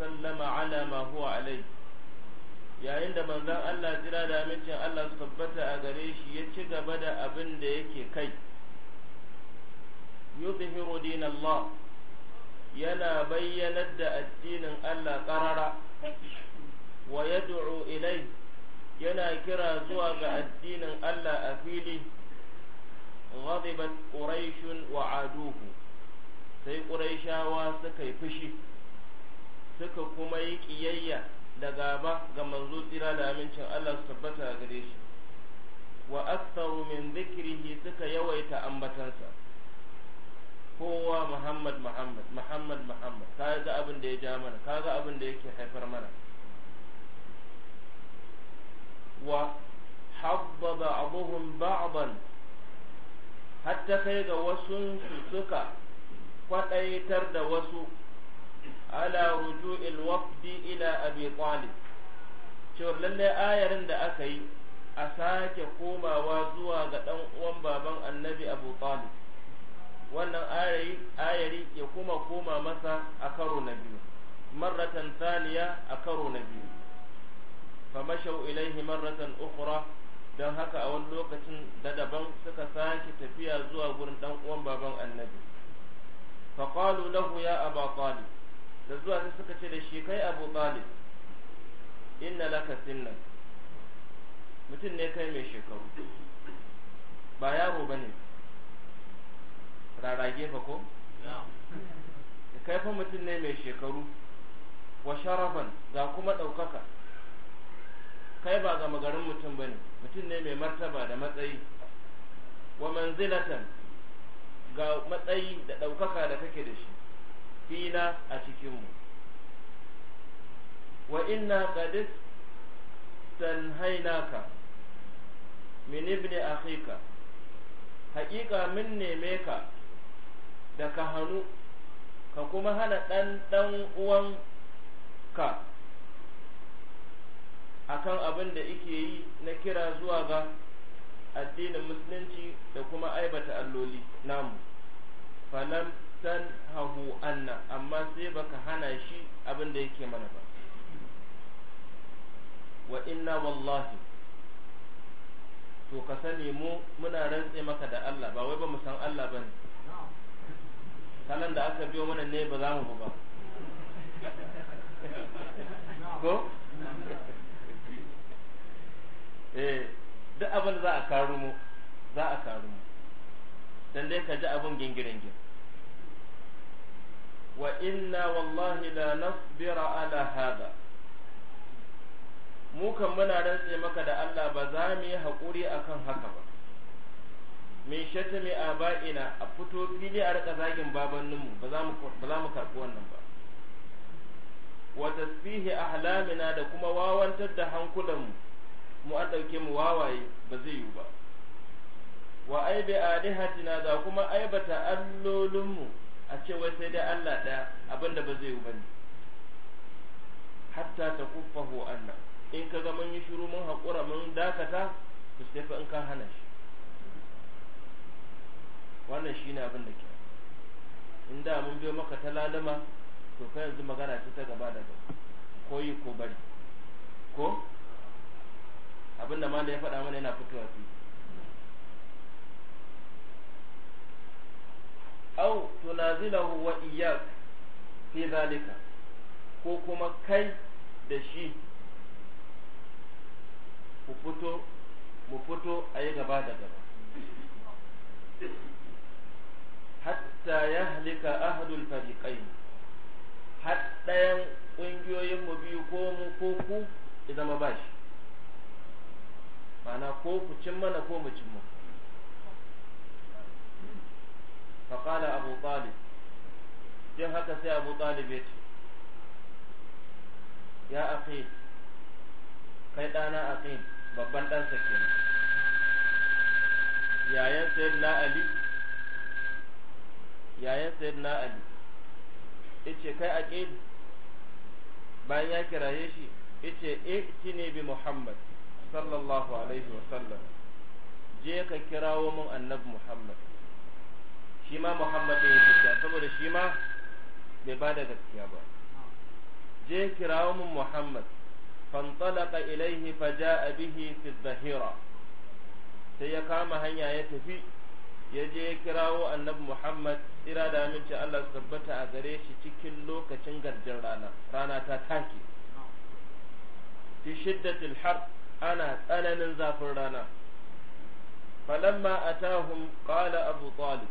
وسلم على ما هو عليه yayin da manzon Allah jira da amincin Allah su tabbata a gare shi ya ci gaba da abin da yake kai yudhiru dinallah yana bayyanar da addinin Allah qarara wa yad'u ilai yana kira zuwa ga addinin Allah a fili ghadibat quraish wa aduhu sai quraishawa suka yi fushi suka kuma yi ƙiyayya da gaba ga manzo tsira da amincin Allah su tabbata a gare shi wa aktharu min dhikrihi suka yawaita ambatansa kowa Muhammad Muhammad Muhammad Muhammad kaga abin da ya ja mana kaga abin da yake haifar mana wa habba abuhum ba'dan hatta kai ga wasu suka kwadaitar da wasu ala ruju' al-wafd ila abi talib cewar lalle ayarin da aka yi a sake komawa zuwa ga ɗan uwan baban annabi abu talib wannan ayari ayari ya kuma koma masa a karo na biyu marratan thaniya a karo na biyu famashau ilaihi marratan ukhra don haka a wani lokacin da daban suka sake tafiya zuwa gurin dan uwan baban annabi faqalu lahu ya aba talib da zuwa sai suka ce da shi kai abu talib inna laka sinnan mutum ne kai mai shekaru ba yaro ba ne rarage fa ko kai fa mutum ne mai shekaru wa sharafan ga kuma ɗaukaka kai ba gama garin mutum ba ne mutum ne mai martaba da matsayi wa manzilatan ga matsayi da ɗaukaka da kake da shi fina a cikinmu wa inna qadis tanhainaka min ibni akhika haƙiƙa min neme ka da ka hannu ka kuma hana ɗan ɗan uwan ka akan abin da ike yi na kira zuwa ga addinin musulunci da kuma aibata alloli namu falam tanhahu anna amma sai baka hana shi abin da yake mana ba wa inna wallahi to ka sani mu muna rantse maka da Allah ba wai ba mu san Allah bane salon da aka biyo mana ne ba za mu ba ko eh duk abin za a karu mu za a karu mu dan dai ka ji abin gingirin gingirin wa inna wallahi la nasbira ala hada mu kan muna rantse maka da Allah ba za mu yi haƙuri akan haka ba min shatami aba'ina a fito fili a rika zagin babanninmu ba za mu karɓi wannan ba wa tasbihi ahlamina da kuma wawantar da hankulanmu mu a ɗauke mu wawaye ba zai yiwu ba wa aibe alihatina da kuma aibata allolinmu a ce wai sai dai Allah ɗaya abinda ba zai yi bane hatta ta kuffahu Allah in ka zama mun yi shiru mun haƙura mun dakata to sai fa in ka hana shi wannan shi abin da ke in da mun biyo maka ta lalama to kai yanzu magana ce ta gaba da gaba ko yi ko bari ko abin da ma da ya faɗa mana yana fitowa fili au tunazilahu wa iyyak fi zalika ko kuma kai da shi ku fito mu fito ayi gaba da gaba hatta ya halika ahadul fariƙai har ɗayan ƙungiyoyin mu biyu ko mu ko ku ya zama bashi ma'ana ko ku cin mana ko mu cin mana فقال أبو طالب جهك سي أبو طالب يتي يا أخي kai ɗana aqim babban ɗansa kenan yayan sayyidina ali yayan sayyidina ali yace kai aqim bayan ya kiraye shi yace itini bi muhammad sallallahu alaihi wa sallam je ka kirawo mun annabi muhammad shi ma Muhammad ya gaskiya saboda shi ma bai ba da gaskiya ba je kirawo mun Muhammad ilaihi fa فجاء a في الظهيرة sai ya kama hanya ya tafi ya je ya kirawo annabi Muhammad ira da aminci Allah tabbata a gare shi cikin lokacin garjin rana rana ta take fi shiddatil har ana tsananin zafin rana falamma atahum qala abu talib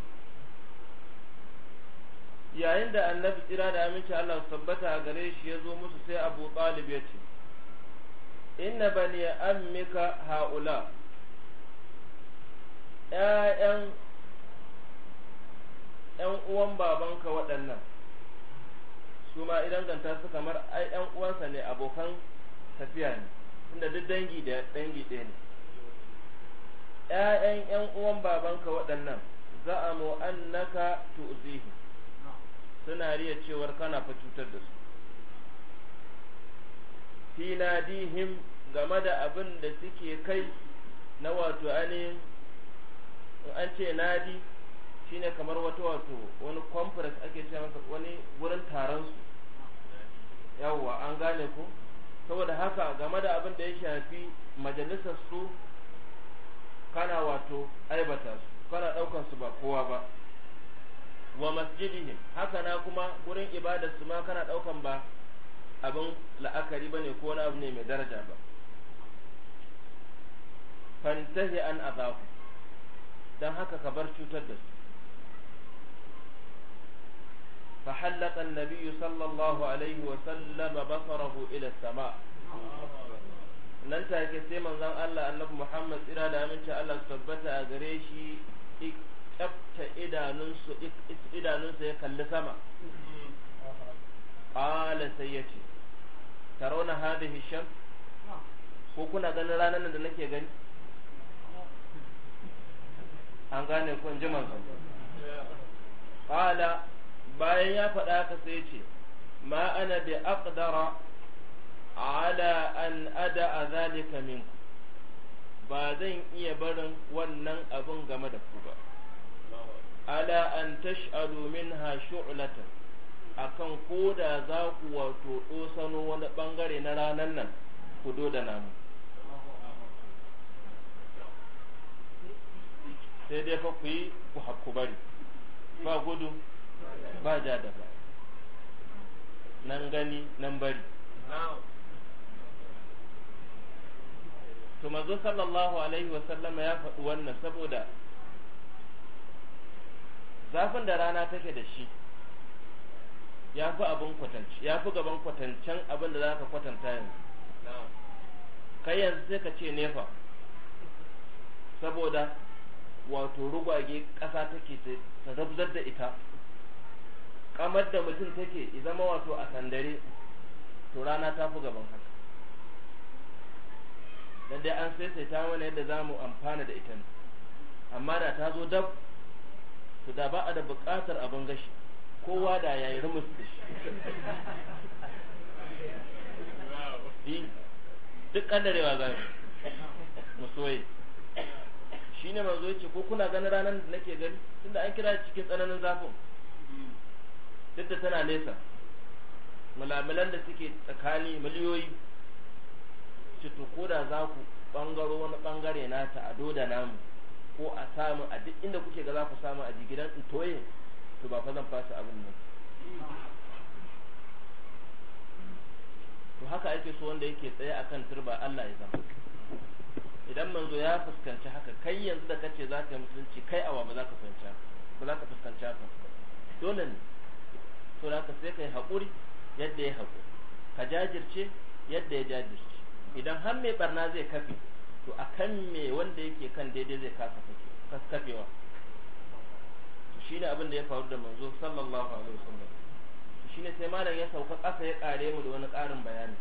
yayin da annabi tsira da aminci Allah tabbata a gare shi ya zo musu sai abu talib ya ce inna bani ammika haula ƴaƴan ƴan uwan babanka waɗannan su ma idan ganta su kamar ai ƴan uwansa ne abokan tafiya ne tunda duk dangi da dangi ɗaya ne ƴaƴan ƴan uwan babanka waɗannan za'amu annaka tu'zihi suna riya cewar kana fa cutar da su fi nadihim game da abin da suke kai na wato ainihin an ce nadi shine kamar wata wato wani conference ake ce masa wani wurin taron su yawwa an gane ku saboda haka game da abin da ya shafi majalisar su kana wato aibata su kana daukar su ba kowa ba wa masjidihim haka na kuma gurin ibadar su ma kana daukan ba abin la'akari ne ko wani abu ne mai daraja ba fantahi an azahu dan haka ka bar cutar da su فحلق sallallahu alaihi wa عليه وسلم بصره إلى sama. nan take sai manzon Allah annabi Muhammad tsira da aminci Allah su tabbata a gare shi kyafta idanunsu idanunsa ya kalli sama qala sai yace tarawna hadhihi shams ko kuna ganin ranar da nake gani an gane ko ji manzo qala bayan ya faɗa ka sai yace ma ana bi aqdara ala an ada zalika min ba zan iya barin wannan abin game da ku ba ala an tash'alu minha shu'latan akan koda za ku wato dosano wani bangare na ranan nan ku do da namu sai dai fa ku yi ku hakku bari ba gudu ba ja da ba nan gani nan bari to manzo sallallahu alaihi wa sallama ya faɗi wannan saboda zafin da rana take da shi ya fi abin kwatanci ya fi gaban kwatancen abin da za ka kwatanta yanzu kai yanzu sai ka ce nefa saboda wato rugwage ƙasa take ta zabzar da ita kamar da mutum take zama wato a sandare to rana ta fi gaban haka dan dai an ta wani yadda za mu amfana da ita amma da ta zo dab to da ba a da buƙatar abin gashi kowa da yayi rumus da shi duk kaddarewa za mu soye shi ne mazo ya ko kuna ganin ranar da nake gani tunda an kira cikin tsananin zafin duk da tana nesa mulamilan da suke tsakani miliyoyi ce ko da za ku bangaro wani bangare nata ado da namu ko a samu a duk inda kuke ga za ku samu a jigidan toye to ba fa zan fasa abin nan to haka ake so wanda yake tsaye akan turba Allah ya zama idan manzo ya fuskanci haka kai yanzu da kace za ka yi musulunci kai awa ba za ka fahimci ba za ka fuskanci haka dole ne to da ka sai kai haƙuri yadda ya haƙuri ka jajirce yadda ya jajirce idan har mai barna zai kafe to akan me wanda yake kan daidai zai kasa kaskafewa ne abin da ya faru da manzo sallallahu alaihi wasallam ne sai malam ya sauka ƙasa ya kare mu da wani ƙarin bayani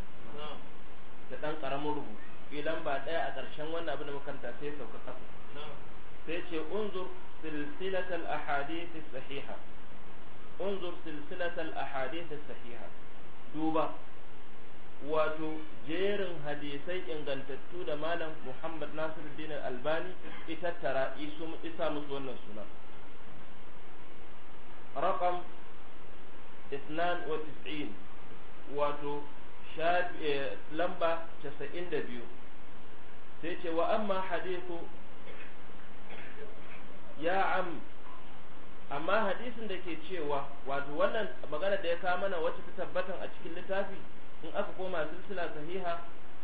da dan karamin rubutu ilan ba daya a ƙarshen wannan abin da makaranta sai ya sauka ƙasa sai ce unzur silsilat al ahadith sahiha unzur silsilat al ahadith sahiha duba wato jerin hadisai ingantattu da malam Muhammad Nasiruddin Albani ita tara isu isa musu wannan suna raqam 92 wato eh, lamba 92 sai ce wa amma hadithu ya am amma hadisin da ke cewa wato wannan magana da ya kawo mana wacce ta tabbatan a cikin littafi in aka koma silsila sahiha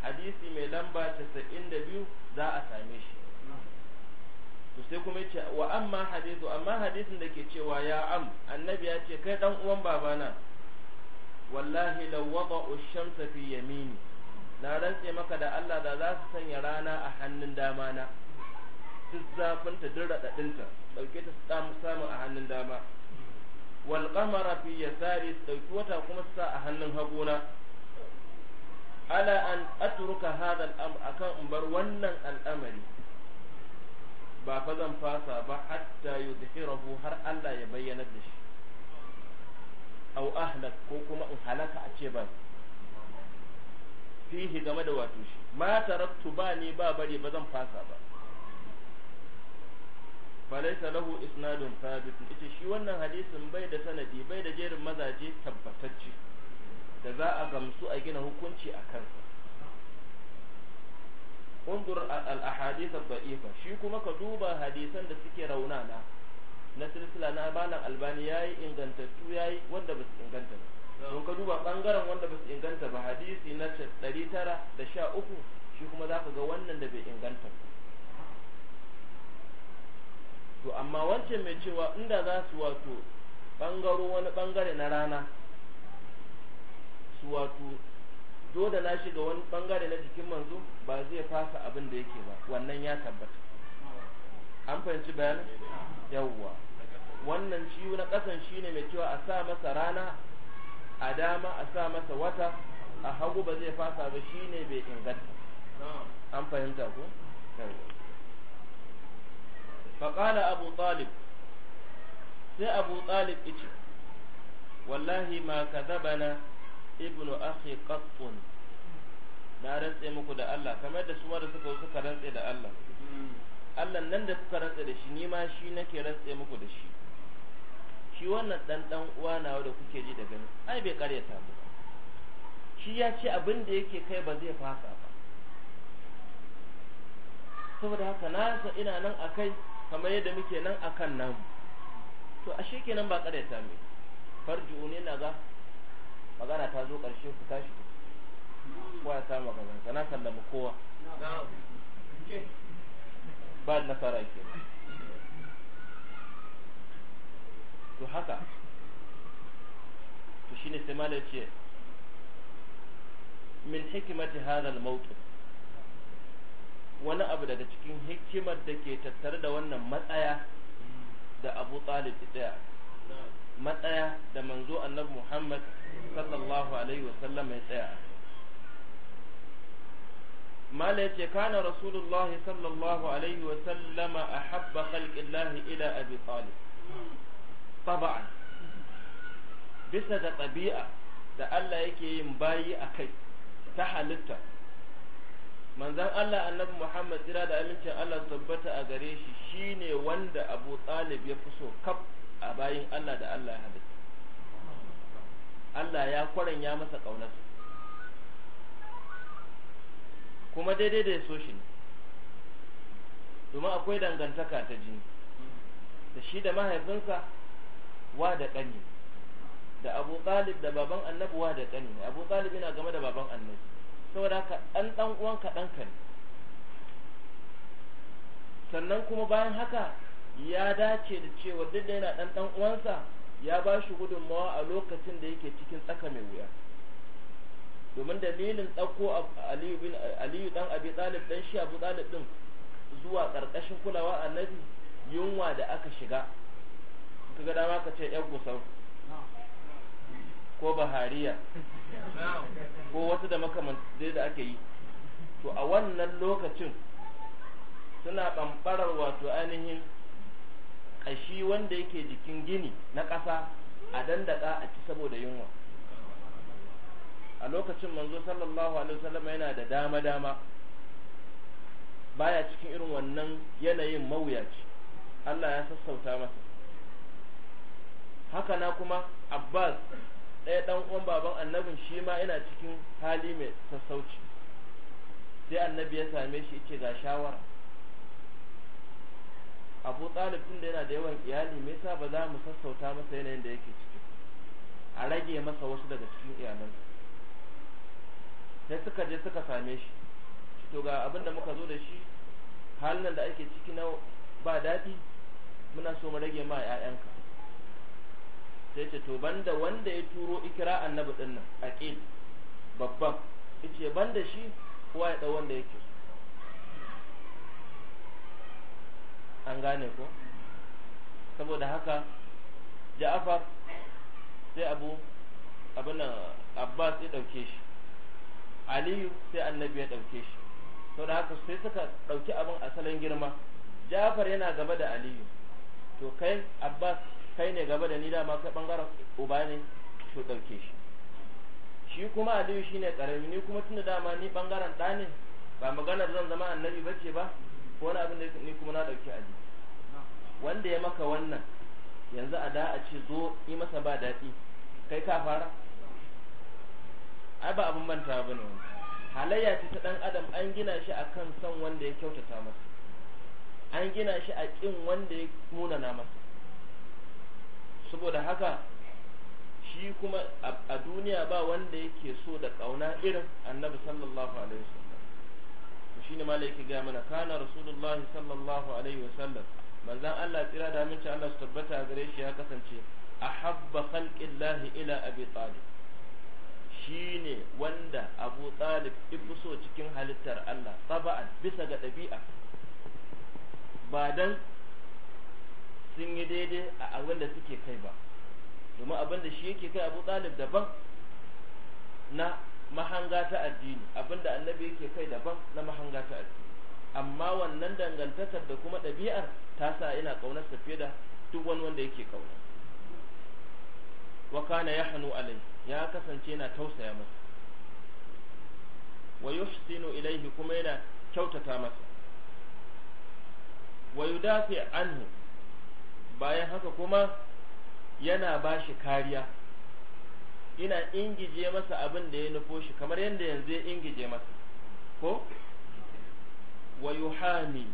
hadisi mai lamba 92 za a same shi to sai kuma yace wa amma hadithu amma hadisin da ke cewa ya am annabi ya ce kai dan uwan babana wallahi law ash shamsa fi yamini na rantse maka da Allah da za su sanya rana a hannun dama na duk zafinta duk raɗaɗinta ɗauke ta samu samun a hannun dama wal qamara fi yasari ɗauki wata kuma sa a hannun hagona ala an atruka hadha al-amr akan in bar wannan al'amari ba fa zan fasa ba hatta yudhhirahu har Allah ya bayyana da shi aw ahlak ko kuma in halaka a ce ban fihi game da wato shi ma taraktu ba ni ba bari ba zan fasa ba falaisa lahu isnadun thabit ita shi wannan hadisin bai da sanadi bai da jerin mazaje tabbatacce da za a gamsu a gina hukunci a kansa undur al-ahadith ad-da'ifa shi kuma ka duba hadisan da suke raunana na silsila na malam albani yayi ingantattu yayi wanda ba su inganta ba to ka duba bangaren wanda ba su inganta ba hadisi na 913 shi kuma zaka ga wannan da bai inganta ba to amma wancan mai cewa inda za su wato bangaro wani bangare na rana su wato da na shiga wani bangare na jikin manzo ba zai fasa abin da yake ba wannan ya tabbata an fahimci bayan yawwa wannan ciwo na ƙasan shine mai cewa a sa masa rana a dama a sa masa wata a hagu ba zai fasa ba shine bai inganta an fahimta ko faƙala abu talib sai abu talib ice wallahi ma ka na. ibnu akhi qattun na rantse muku da Allah kamar da su ma da suka suka rantse da Allah Allah nan da kuka rantse da shi nima ma shi nake rantse muku da shi shi wannan dan dan uwa nawa da kuke ji da gani ai bai karyata mu shi ya ce abin da yake kai ba zai fasa ba saboda haka na san ina nan akai kamar yadda muke nan akan namu to ashe kenan ba karyata mu farji'u ne na ga magana ta zo ƙarshe ku tashi kowa ya samu magana sana sallama kowa ba na fara ke to haka to shine sai malai ce min hikimati hadha al-mawqif wani abu daga cikin hikimar da ke tattare da wannan matsaya da Abu Talib da matsaya da manzo annabi Muhammad sallallahu alaihi wasallam ya tsaya mala yace kana rasulullah sallallahu alaihi wasallam ahabba khalqillah ila abi talib taban bisa da tabi'a da Allah yake yin bayi a kai ta halitta manzan Allah annabi Muhammad jira da amincin Allah tabbata a gare shi shine wanda Abu Talib ya fi so kaf a bayin Allah da Allah ya halitta Allah ya kwaran ya masa ƙaunarsa kuma daidai da ya so shi ne domin akwai dangantaka ta jini da shi da mahaifinsa wa da ƙani da abu ɗalib da baban annabi wa da ƙani abu ɗalib yana game da baban annabi saboda haka ɗan ɗan uwanka ɗanka ne sannan kuma bayan haka ya dace da cewa duk da yana dan dan uwansa ya ba shi gudunmawa a lokacin da yake cikin tsaka mai wuya domin dalilin tsakko aliyu dan abi talib dan shi abu talib din zuwa karkashin kulawa annabi yunwa da aka shiga kaga dama ka ce yan gusau ko bahariya ko wasu da makamantai da ake yi to a wannan lokacin suna ɓamɓarar wato ainihin shi wanda yake jikin gini na ƙasa a dandaka a ci saboda yunwa a lokacin manzo sallallahu alaihi wasallam yana da dama dama baya cikin irin wannan yanayin mawuyaci Allah ya sassauta masa haka na kuma Abbas ɗaya ɗan uwan baban annabin shi ma yana cikin hali mai sassauci sai annabi ya same shi yace ga shawara abu talib din da yana da yawan iyali me yasa ba za mu sassauta masa yanayin da yake ciki a rage masa wasu daga cikin iyalan sai suka je suka same shi to ga abin da muka zo da shi halin da ake ciki na ba daɗi muna so mu rage ma 'ya'yanka sai ce to banda wanda ya turo ikira annabi dinnan aqil babban yace banda shi kowa ya dau wanda yake so an gane ko saboda haka ja'afar sai abu abin abbas ya ɗauke shi aliyu sai annabi ya ɗauke shi to da haka sai suka ɗauki abin asalin girma ja'afar yana gaba da aliyu to kai abbas kai ne gaba da ni dama kai ɓangaren uba ne to ɗauke shi shi kuma aliyu shine karami ni kuma tunda dama ni ɓangaren ɗa ne ba maganar zan zama annabi bace ba ko wani abin da ni kuma na dauki aji wanda ya maka wannan yanzu a da a ce zo yi masa ba daɗi kai ka fara ai ba abin manta ba ne halayya ce ta dan adam an gina shi a kan son wanda ya kyautata masa an gina shi a kin wanda ya munana masa saboda haka shi kuma a duniya ba wanda yake so da ƙauna irin annabi sallallahu alaihi wasallam shine malaiki ga mana kana rasulullahi sallallahu alaihi wa sallam. manzan Allah tsira da aminci Allah su tabbata gare shi ya kasance ahabba khalqillahi ila abi talib shine wanda abu talib ifi so cikin halittar Allah Saba'an bisa ga ɗabi'a ba dan sun yi daidai a abin da suke kai ba domin abin da shi yake kai abu talib daban na mahanga ta addini abinda annabi yake kai daban na mahanga ta addini amma wannan dangantakar da kuma ɗabi'ar ta sa ina ƙaunarsa fiye da duk wani wanda yake ƙauna wa kana yahnu alai ya kasance yana tausaya masa wa yuhsinu ilaihi kuma yana kyautata masa wa yudafi anhu bayan haka kuma yana bashi kariya ina ingije masa abin da ya nufo shi kamar yadda yanzu ya ingije masa ko wa yuhami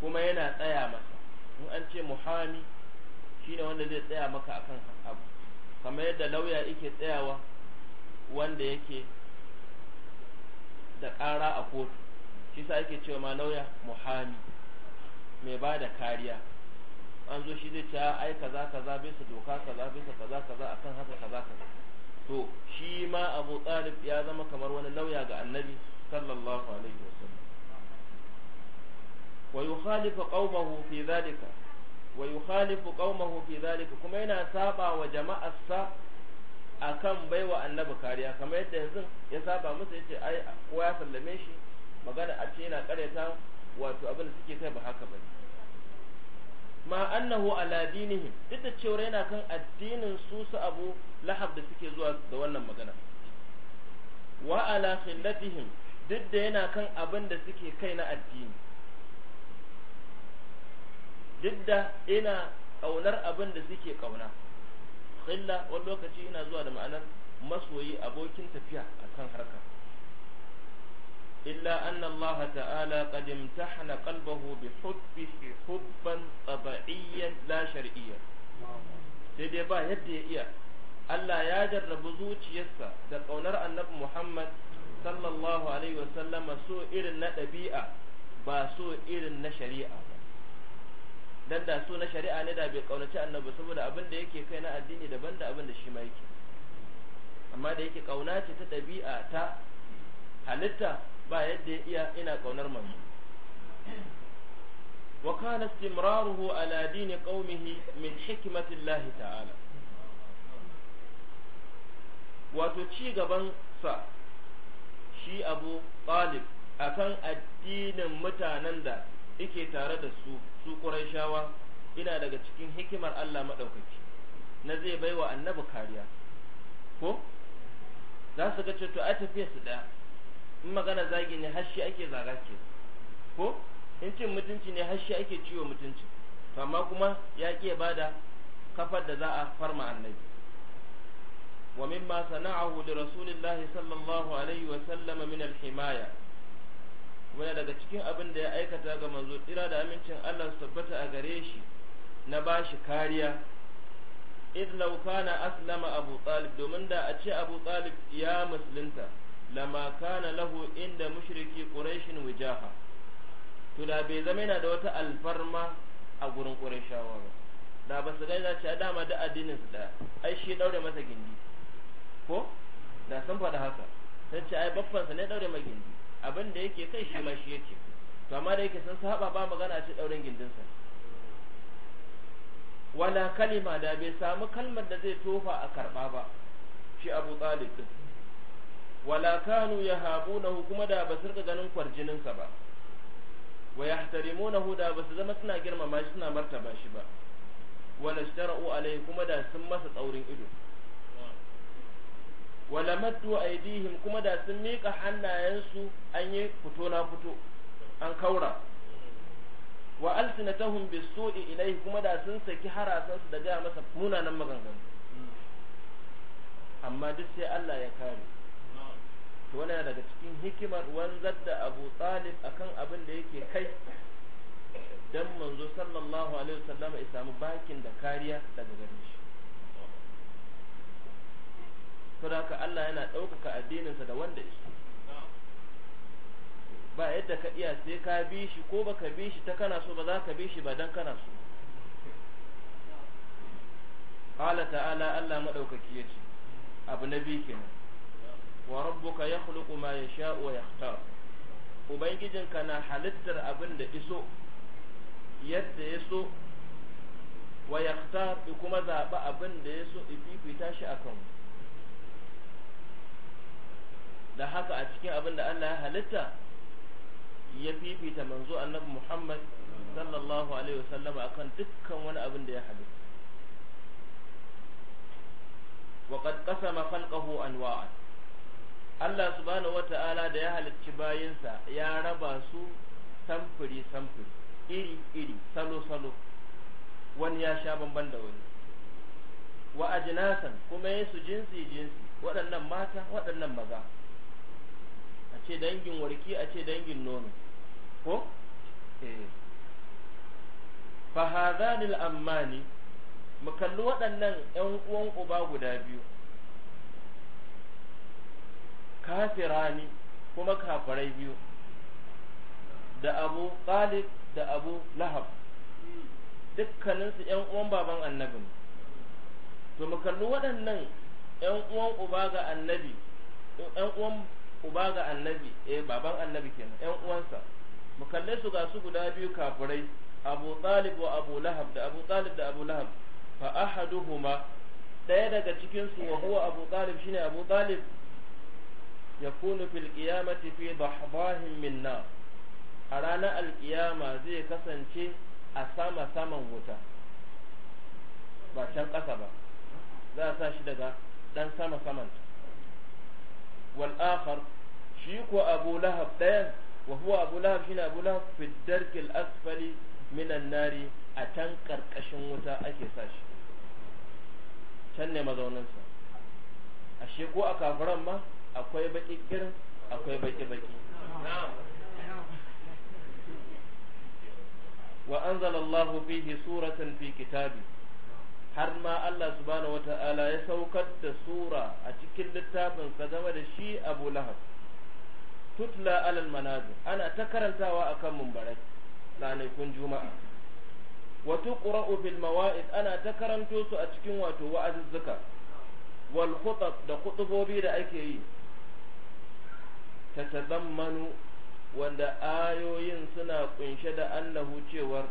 kuma yana tsaya masa in an ce muhami shine wanda zai tsaya maka akan abu kamar yadda lauya yake tsayawa wanda yake da ƙara a kotu shi sa ake cewa ma lauya muhami mai ba da kariya an zo shi zai ce ai kaza kaza bisa doka kaza bisa kaza kaza akan haka kaza kaza to shi ma abu talib ya zama kamar wani lauya ga annabi sallallahu alaihi wasallam wa yukhalifu qaumahu fi dhalika wa yukhalifu qaumahu fi dhalika kuma yana saba wa jama'arsa akan baiwa annabi kariya kamar yadda yanzu ya saba musu yace ai ko ya sallame shi magana a ce yana karyata wato abin da suke kai ba haka bane ma annahu ala dinihim duk da cewa yana kan addinin su su abu lahab da suke zuwa da wannan magana wa ala khillatihim duk da yana kan abin da suke kai na addini duk da ina kaunar abin da suke kauna khilla wani lokaci ina zuwa da ma'anar masoyi abokin tafiya akan harka إلا أن الله تعالى قد امتحن قلبه بحبه حبا طبيعيا لا شرعيا سيدي با يدي إياه Allah ya jarrabu zuciyarsa da ƙaunar annabi Muhammad sallallahu alaihi wasallama so irin na ɗabi'a ba so irin na shari'a dan da so na shari'a ne da bai ƙaunaci annabi saboda abin da yake kai na addini daban da abin da shi ma yake amma da yake ƙauna ce ta ɗabi'a ta halitta ba yadda ya iya ina kaunar manzo wa kana istimraruhu ala dini qaumihi min hikmati Allah ta'ala wato ci gaban sa shi Abu Talib akan addinin mutanen da yake tare da su su Qurayshawa ina daga cikin hikimar Allah madaukaki na zai baiwa annabi kariya ko za su ga cewa to tafiya su daya in magana zagi ne shi ake zaga ke ko in cin mutunci ne shi ake ciwo mutunci to amma kuma ya ƙi bada kafar da za a farma annabi wa min ma sana'ahu li rasulillahi sallallahu alaihi wa sallama min al-himaya wani daga cikin abin da ya aikata ga manzo tsira da amincin Allah su tabbata a gare shi na bashi kariya idh law kana aslama abu talib domin da a ce abu talib ya musulunta lama kana lahu inda mushriki quraishin wujaha. to da bai zama yana da wata alfarma a gurin qurayshawa ba da ba su gaida a dama da addinin su da ai shi daure masa gindi ko da sun faɗa haka sai ce ai baffan sa ne daure ma gindi abin da yake kai shi ma shi yake to amma da yake sun saba ba magana a ce dauren gindinsa. wala kalima da bai samu kalmar da zai tofa a karɓa ba shi Abu Talib din wala kanu hu kuma da ba su ganin kwarjininsa ba wa yahtarimunahu da ba zama suna girmama shi suna martaba shi ba wala shara'u alaihi kuma da sun masa tsaurin ido wala maddu aidihim kuma da sun miƙa hannayensu an yi fito na fito an kaura wa alsinatahum bisu'i ilaihi kuma da sun saki harasansu da ga masa munanan maganganu amma duk sai Allah ya kare to wannan daga cikin hikimar wanzar da Abu Talib akan abin da yake kai don manzo sallallahu alaihi wasallam ya samu bakin da kariya daga gare shi saboda Allah yana ɗaukaka addininsa da wanda shi ba yadda ka iya sai ka bi shi ko baka bi shi ta kana so ba za ka bi shi ba dan kana so qala ta'ala Allah madaukaki yace abu na biyu kenan wa rabbuka yakhluqu ma yasha'u wa yakhtar ubangijin na halittar abin da iso yadda ya so wa yakhtar kuma zaɓi abin da ya so ififita shi akan da haka a cikin abin da Allah ya halitta ya fifita manzo annabi Muhammad sallallahu alaihi wasallam akan dukkan wani abin da ya halitta وقد قسم خلقه أنواعا Allah subhanahu ta'ala da ya halicci bayinsa ya raba su samfuri samfuri iri iri salo salo wani ya sha bamban da wani wa ajnasan kuma yin su jinsi jinsi waɗannan mata waɗannan maza a ce dangin warki a ce dangin nono ko eh fa hadhanil ammani mu kalli waɗannan ƴan uwan uba guda biyu kafirani kuma kafirai biyu da abu talib da abu lahab dukkaninsu ‘yan uwan baban annabi to mu kalli waɗannan ‘yan uwan uba ga annabi ‘yan uwan uba ga annabi eh baban annabi kenan ‘yan uwansa mu kalle su ga su guda biyu kafirai abu talib wa abu lahab da abu talib da abu lahab fa ahaduhuma ɗaya daga cikinsu wa huwa abu talib shine abu talib yakunu fil qiyamati fi dahdahin a ranar alkiyama zai kasance a sama saman wuta ba can ƙasa ba za a sa daga ɗan sama saman wal akhar shi ko abu lahab ɗaya wa huwa abu lahab shine abu lahab fi darkil asfali minan nari a can karkashin wuta ake sashi shi can ne mazauninsa ashe ko a kafiran ma akwai baki kirin akwai baki baki wa anzalallahu fihi suratan fi kitabi har ma Allah subhanahu wata'ala ya saukar da sura a cikin littafin sa game da shi Abu Lahab tutla alal manazir ana ta karantawa akan mumbarai ranakun juma'a wa tuqra'u fil mawa'id ana ta karanto su a cikin wato wa'azuzzuka wal khutab da khutubobi da ake yi tatadammanu wanda ayoyin suna kunshe da annahu cewar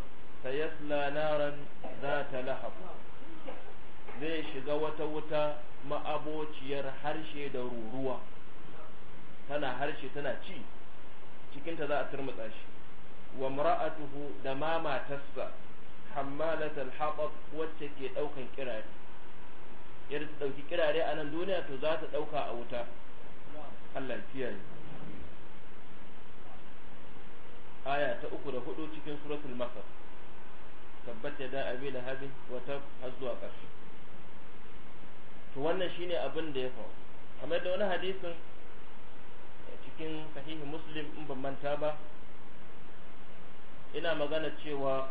sayasla naran za ta lahab zai shiga wata wuta ma'abociyar harshe da ruruwa tana harshe tana ci cikinta za a turmutsa shi wa mara'atuhu da ma matarsa hammalatal wacce ke ɗaukan kirare yadda ta ɗauki kirare a nan duniya to za ta ɗauka a wuta Allah kiyaye aya ta uku da hudu cikin suratul masar tabbat da abi lahabin wa wata har zuwa ƙarshe to wannan shine abin da ya faru kamar da wani hadisin cikin sahihi muslim in ban manta ba ina magana cewa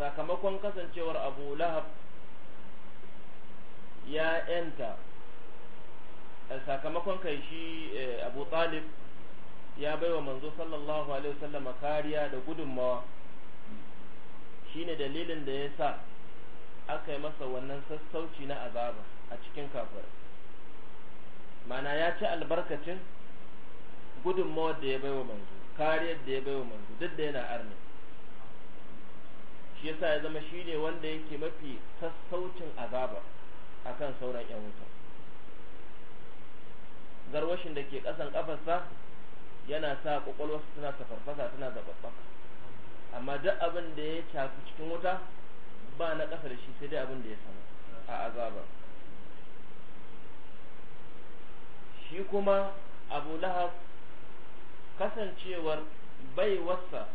sakamakon kasancewar abu lahab ya yanta sakamakon kai shi abu talib ya baiwa manzo sallallahu alaihi wasallam kariya da gudunmawa shine dalilin da ya sa aka masa wannan sassauci na azaba a cikin kafir mana ya ci albarkacin gudunmawar da ya baiwa manzo kariyar da ya baiwa manzo duk da yana arni shi yasa ya zama shine wanda yake mafi sassaucin azaba akan sauran yan wuta garwashin da ke ƙasan ƙafarsa yana sa kwakwalwarsa tana safarfasa tana zababbaka amma duk abin da ya shafi cikin wuta ba na ƙasa da shi sai dai abin da ya samu a azabar shi kuma abu lahab kasancewar baiwarsa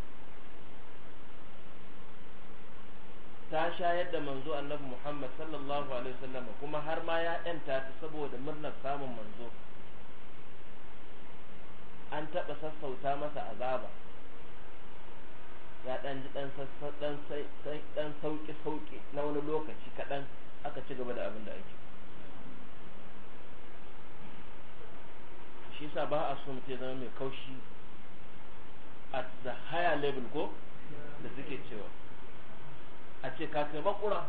ta shayar da manzo annabi muhammad sallallahu alaihi wasallam kuma har ma ya 'yanta ta saboda murnar samun manzo an taɓa sassauta masa azaba ya ɗan ji ɗan sauƙi-sauƙi na wani lokaci kaɗan aka ci gaba da abin da ake shi sa ba a so mutum zama mai kaushi at the higher level ko da suke cewa a ce ka kai bakura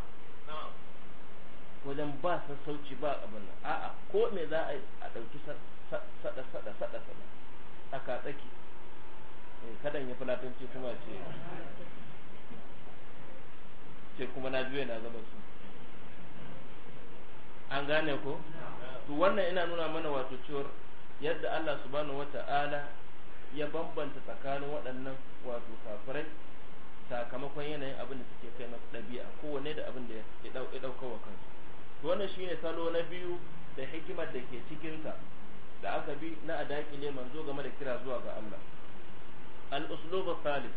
wajen ba sassauci ba abin nan a'a ko me za a ɗauki sada sada sada sada aka tsaki eh, kadan ya fulatanci kuma ce ce kuma na juya na zama su an gane ko to wannan ina nuna mana wato cewar yadda Allah subhanahu wata'ala ya bambanta tsakanin waɗannan wato kafirai sakamakon yanayin abin da suke kai na ɗabi'a kowanne da abin da ya ɗauka wa kansu to wannan shine salo na biyu da hikimar da ke cikinsa da aka bi na a ne manzo game da kira zuwa ga Allah al-uslubu thalith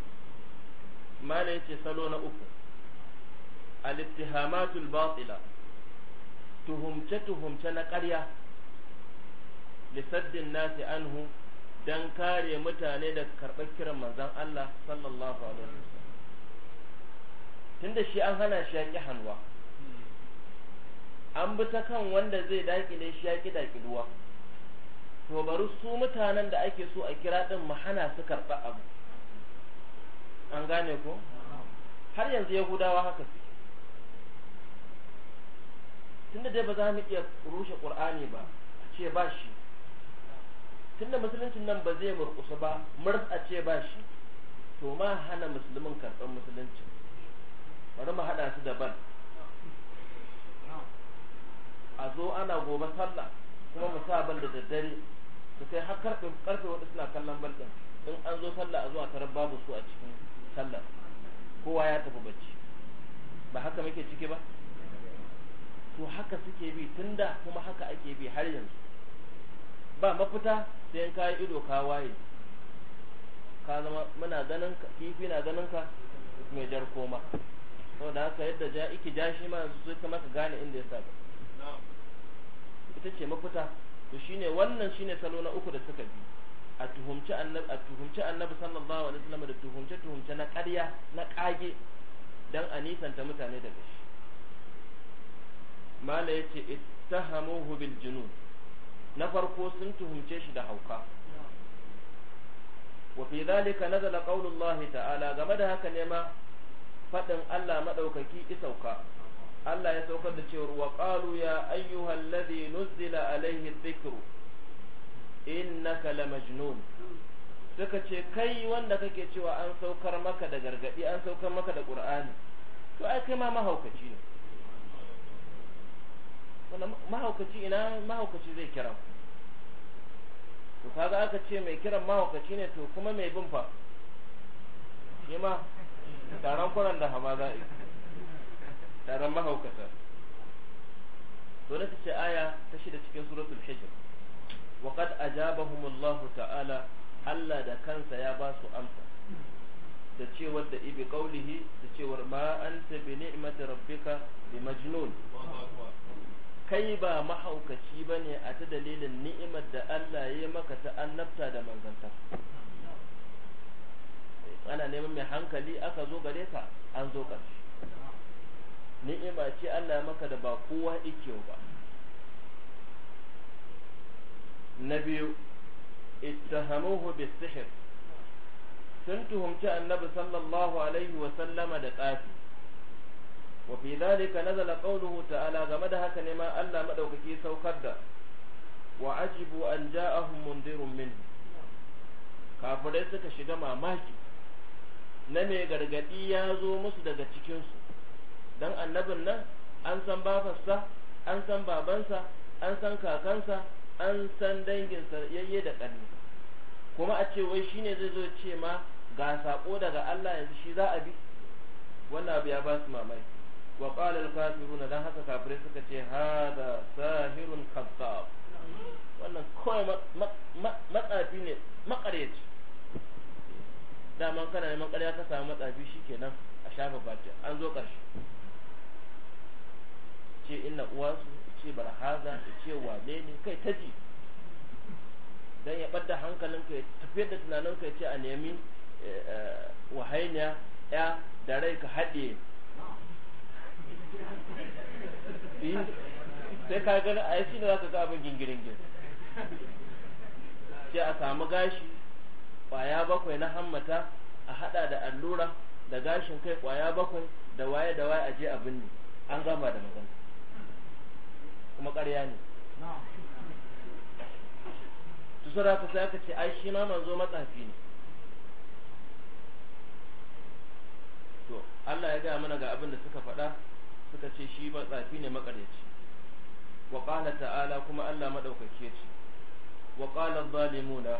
mala yace salo na uku al-ittihamatul batila tuhumce tuhumce na ƙarya lisaddin nasi anhu dan kare mutane da karɓar kiran manzon Allah sallallahu alaihi tunda shi an hana shi yaƙi hanwa an bi ta kan wanda zai dakile shi yaƙi daƙiluwa to bari su mutanen da ake so a kira din mahana hana su karɓa abu an gane ko har yanzu yahudawa haka su tunda dai ba za mu iya rushe qur'ani ba a ce ba shi tunda musuluncin nan ba zai murƙusa ba murs a ce ba shi to ma hana musulmin karɓar musuluncin bari mu haɗa su daban a zo ana gobe sallah kuma mu sa bal da daddare su kai har karfe karfe wanda suna kallon bal din in an zo sallah a zuwa tarar babu su a cikin sallar kowa ya tafi bacci ba haka muke ciki ba to haka suke bi tunda kuma haka ake bi har yanzu ba mafita sai ka kayi ido ka waye ka zama muna ganin ka kifi na ganin ka mai jar koma saboda haka yadda ja iki ja shi ma yanzu sai kuma ka gane inda ya saba ita ce mafita to shine wannan shine salo na uku da suka bi a tuhumci annabi a tuhumci annabi sallallahu alaihi wasallam da tuhumce tuhumce na ƙarya na ƙage dan a nisanta mutane daga shi mala yace ittahamuhu bil junun na farko sun tuhumce shi da hauka wa fi dhalika nazala qawlullahi ta'ala game da haka ne ma fadin Allah madaukaki isauka Allah ya saukar da cewar wa qalu ya ayyuhal ladhi nuzila alayhi dhikru innaka lamajnun suka ce kai wanda kake cewa an saukar maka da gargadi an saukar maka da qur'ani to ai kai ma mahaukaci ne wannan mahaukaci ina mahaukaci zai kira to kaga aka ce mai kiran mahaukaci ne to kuma mai bin fa shi ma taron kuran da hama za'i taron mahaukata to na ce aya ta shida cikin suratul hijr wa qad ajabahum Allah ta'ala Allah da kansa ya ba su amsa da cewar da ibi qaulihi da cewar ma anta bi ni'mati rabbika bi majnun kai ba mahaukaci bane a ta dalilin ni'imar da Allah ya maka ta annabta da manzanta ana neman mai hankali aka zo gare ka an zo ƙarshe ni'ima ce Allah maka da ba kowa ikiyo ba na biyu ittahamuhu bisihir sun tuhumci annabi sallallahu alaihi wa sallama da tsafi wa fi dhalika nazala qawluhu ta'ala game da haka ne ma Allah madaukaki saukar da wa ajibu an ja'ahum mundirun min kafirai suka shiga mamaki na me gargadi ya zo musu daga cikinsu dan annabin nan an san babarsa an san babansa an san kakansa an san danginsa yayye da ƙarni kuma a ce wai shine zai zo ce ma ga sako daga Allah yanzu shi za a bi wannan abu ya ba su mamaki wa qala al kafiruna dan haka kafirai suka ce hada sahirun kazzab wannan kawai matsafi ne makareci man kana neman ƙarya ka samu matsafi shikenan a shafa baki an zo karshe. ce illa uwansu ce barhaza ce wane ne kai ta ji dan ya ɓadda hankalin ka ya tafiyar da tunanin ka ya ce a nemi eh, eh, wahainiya ya da rai ka haɗe eh, sai ka gani a shi ne za ka ga abin gingirin sai a samu gashi ƙwaya bakwai na hammata a haɗa da allura da gashin kai ƙwaya bakwai da waye da waye a je abin ne an gama da magana kuma ƙarya ne ta sai sai aka ce ai shi ma manzo matsafi ne to Allah ya gaya mana ga abin da suka faɗa suka ce shi matsafi ne makareci wa ƙala ta'ala kuma Allah maɗaukake ce wa ƙala zalimuna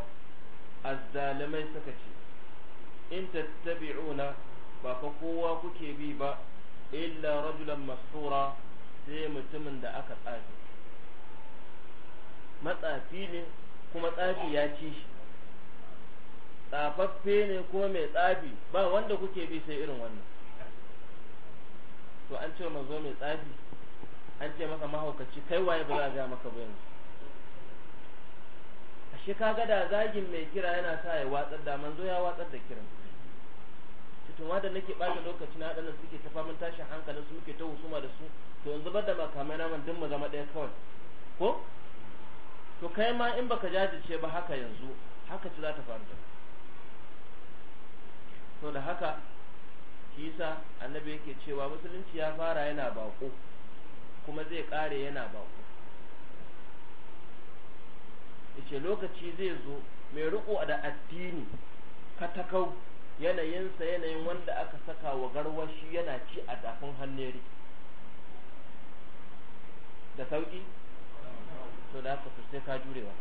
azzalimai suka ce in tattabi'una ba ka kowa kuke bi ba illa rajulan masura sai mutumin da aka tsafi matsafi ne kuma tsafi ya ci shi tsafaffe ne kuma mai tsafi ba wanda kuke bi sai irin wannan to an ce zo mai tsafi an ce maka mahaukaci kai waye ba za a ga maka ba yanzu shi kaga da zagin mai kira yana sa ya watsar da manzo ya watsar da kiran tuma da nake bata lokaci na waɗannan suke ta faman tashin hankalin su muke ta husuma da su to yanzu bar da makamai na man mu zama ɗaya kawai ko to kai ma in baka jajirce ba haka yanzu haka ci za ta faru da to da haka kisa annabi yake cewa musulunci ya fara yana bako kuma zai kare yana bako yace lokaci zai zo mai riko da addini katakau yanayinsa yanayin wanda aka saka wa garwashi yana ci a dafin hanneri da sauki to da haka sai ka jurewa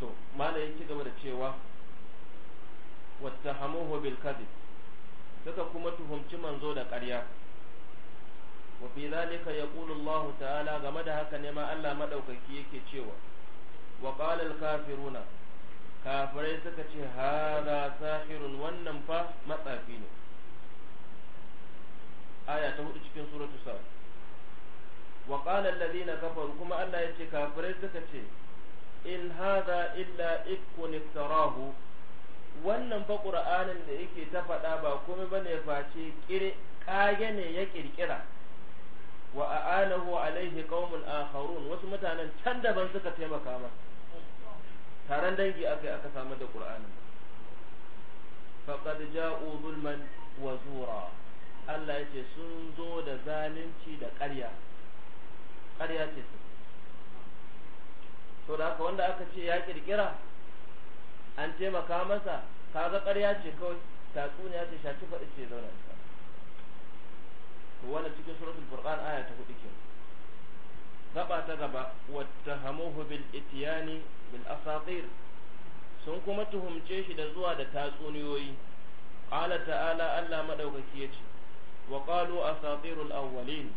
to mana ya ci gaba da cewa wata hamuhu bil suka kuma tuhumci manzo da ƙarya wa fi zalika yaqulu Allah ta'ala game da haka ne ma Allah madaukaki yake cewa wa qala al kafiruna kafirai suka ce hada sahirun wannan fa matsafi ne aya ta hudu cikin suratu sa'ad wa qala alladhina kafaru kuma Allah yace kafirai suka ce in hada illa ikkun iftarahu wannan fa qur'anin da yake ta fada ba komai bane face kire kage ne ya kirkira wa a'anahu alaihi qaumun akharun wasu mutanen can daban suka taimaka masa taron dangi aka yi aka samu da qur'anin faqad ja'u zulman wa zura Allah ya ce sun zo da zalunci da ƙarya ƙarya ce su to da haka wanda aka ce ya kirkira an taimaka masa kaga ƙarya ce kawai tatsuniya ce shafi faɗi ce zauna ta to wannan cikin suratul furqan aya ta hudu kenan gaba ta gaba wattahamuhu bil itiyani bil asatir sun kuma tuhumce shi da zuwa da tatsuniyoyi qala ta'ala Allah madaukaki yace wa qalu asatirul awwalin